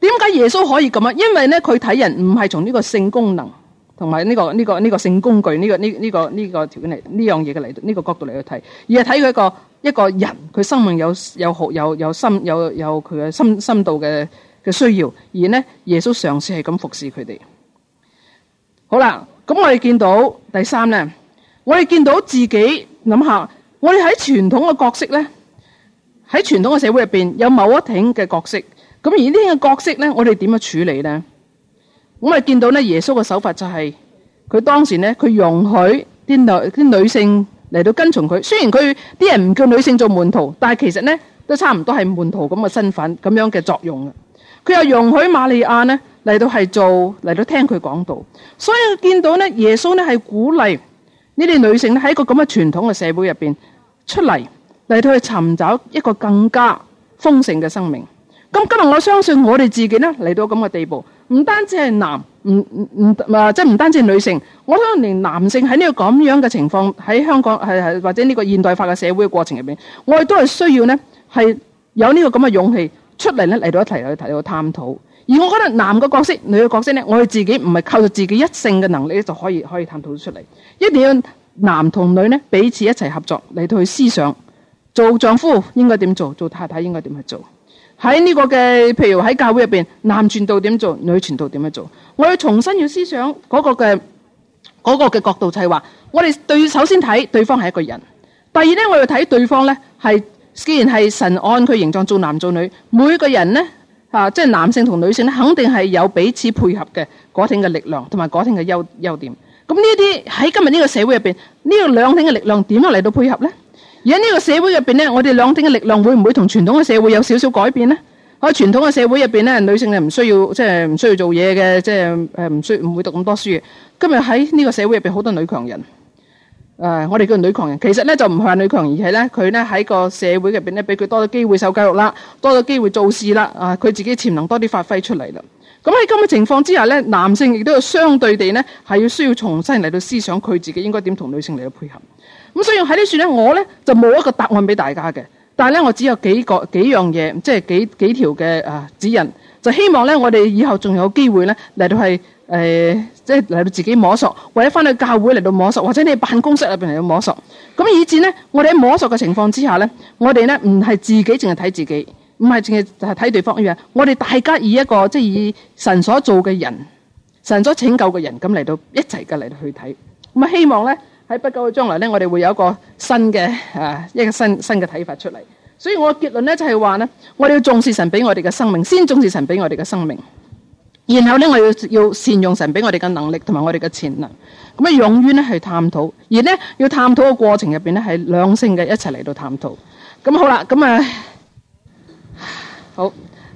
點解耶穌可以咁啊？因為咧佢睇人唔係從呢個性功能。同埋呢個呢、這個呢、這個這個性工具呢、這個呢呢、這個呢、這個條件嚟呢樣嘢嘅嚟呢個角度嚟去睇，而係睇佢一個一個人佢生命有有好有有深有有佢嘅深深度嘅嘅需要，而呢，耶穌嘗試係咁服侍佢哋。好啦，咁我哋見到第三呢，我哋見到自己諗下，我哋喺傳統嘅角色呢，喺傳統嘅社會入邊有某一種嘅角色，咁而呢個角色呢，我哋點樣處理呢？我哋見到咧，耶穌嘅手法就係，佢當時咧，佢容許啲女啲女性嚟到跟從佢。雖然佢啲人唔叫女性做門徒，但係其實咧都差唔多係門徒咁嘅身份，咁樣嘅作用嘅。佢又容許瑪利亞咧嚟到係做嚟到聽佢講道。所以見到咧，耶穌咧係鼓勵呢啲女性咧喺一個咁嘅傳統嘅社會入邊出嚟嚟到去尋找一個更加豐盛嘅生命。咁今日我相信我哋自己咧嚟到咁嘅地步。唔單止係男，唔唔唔，即係唔單止係女性，我相信連男性喺呢個咁樣嘅情況喺香港係係或者呢個現代化嘅社會嘅過程入邊，我哋都係需要呢，係有這個呢個咁嘅勇氣出嚟咧嚟到一齊去探討。而我覺得男嘅角色、女嘅角色咧，我哋自己唔係靠住自己一性嘅能力咧就可以可以探討出嚟，一定要男同女咧彼此一齊合作嚟到去思想，做丈夫應該點做，做太太應該點去做。喺呢個嘅，譬如喺教會入邊，男傳道點做，女傳道點樣做，我要重新要思想嗰個嘅嗰個嘅角度就規劃就係話。我哋對首先睇對方係一個人，第二咧，我要睇對方咧係，既然係神按佢形狀做男做女，每個人咧嚇，即、啊、係、就是、男性同女性咧，肯定係有彼此配合嘅嗰啲嘅力量同埋嗰啲嘅優優點。咁呢啲喺今日呢個社會入邊，呢、這個兩種嘅力量點樣嚟到配合咧？而喺呢個社會入邊咧，我哋兩頂嘅力量會唔會同傳統嘅社會有少少改變咧？喺傳統嘅社會入邊咧，女性係唔需要即係唔需要做嘢嘅，即係誒唔需唔會讀咁多書嘅。今日喺呢個社會入邊，好多女強人，誒，我哋叫做女強人。其實咧就唔係話女強，而係咧佢咧喺個社會入邊咧，俾佢多咗機會受教育啦，多咗機會做事啦，啊，佢自己潛能多啲發揮出嚟啦。咁喺咁嘅情況之下咧，男性亦都有相對地咧，係要需要重新嚟到思想佢自己應該點同女性嚟到配合。咁所以喺呢處咧，我咧就冇一個答案俾大家嘅，但係咧我只有幾個幾樣嘢，即係幾幾條嘅啊指引，就希望咧我哋以後仲有機會咧嚟到係誒、呃，即係嚟到自己摸索，或者翻去教會嚟到摸索，或者你辦公室入面嚟到摸索。咁以至咧，我哋喺摸索嘅情況之下咧，我哋咧唔係自己淨係睇自己。唔係淨係就係睇對方一樣，我哋大家以一個即係以神所做嘅人，神所拯救嘅人咁嚟到一齊嘅嚟到去睇，咁啊希望咧喺不久嘅將來咧，我哋會有一個新嘅、啊、一個新新嘅睇法出嚟。所以我結論咧就係話咧，我哋要重視神俾我哋嘅生命，先重視神俾我哋嘅生命，然後咧我要要善用神俾我哋嘅能力同埋我哋嘅潛能，咁啊永遠咧去探討，而呢，要探討嘅過程入邊咧係兩性嘅一齊嚟到探討。咁好啦，咁啊。好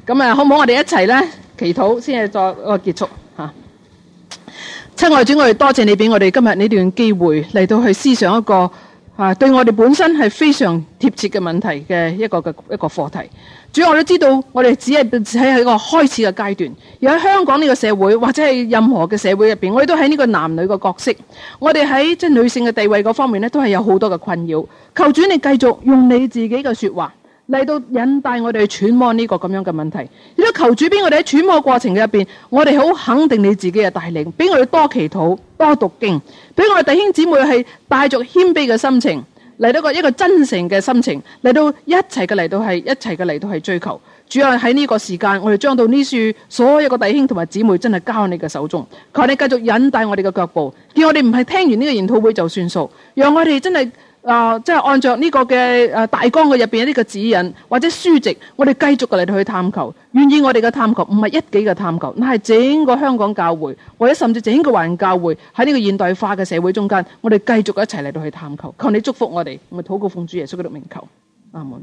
咁啊，好唔好？我哋一齊咧祈禱先係再一個結束吓？親愛主，我哋多謝你俾我哋今日呢段機會嚟到去思想一個吓、啊、對我哋本身係非常貼切嘅問題嘅一個嘅一個課題。主要我，我都知道我哋只係喺喺個開始嘅階段。而喺香港呢個社會或者係任何嘅社會入邊，我哋都喺呢個男女嘅角色，我哋喺即係女性嘅地位嗰方面咧，都係有好多嘅困擾。求主，你繼續用你自己嘅說話。嚟到引帶我哋去揣摩呢個咁樣嘅問題，亦都求主俾我哋喺揣摩過程嘅入邊，我哋好肯定你自己嘅帶領，俾我哋多祈禱、多讀經，俾我哋弟兄姊妹係帶着謙卑嘅心情嚟到個一個真誠嘅心情嚟到一齊嘅嚟到係一齊嘅嚟到係追求。主要喺呢個時間，我哋將到呢樹所有嘅弟兄同埋姊妹真係交喺你嘅手中，求你繼續引帶我哋嘅腳步，叫我哋唔係聽完呢個研討會就算數，讓我哋真係。啊，即係、呃就是、按照呢個嘅誒大綱嘅入邊呢個指引或者書籍，我哋繼續嚟到去探求。願意我哋嘅探求唔係一己嘅探求，係整個香港教會，或者甚至整個華人教會喺呢個現代化嘅社會中間，我哋繼續一齊嚟到去探求。求你祝福我哋，我哋禱告奉主耶穌嘅名求，阿門。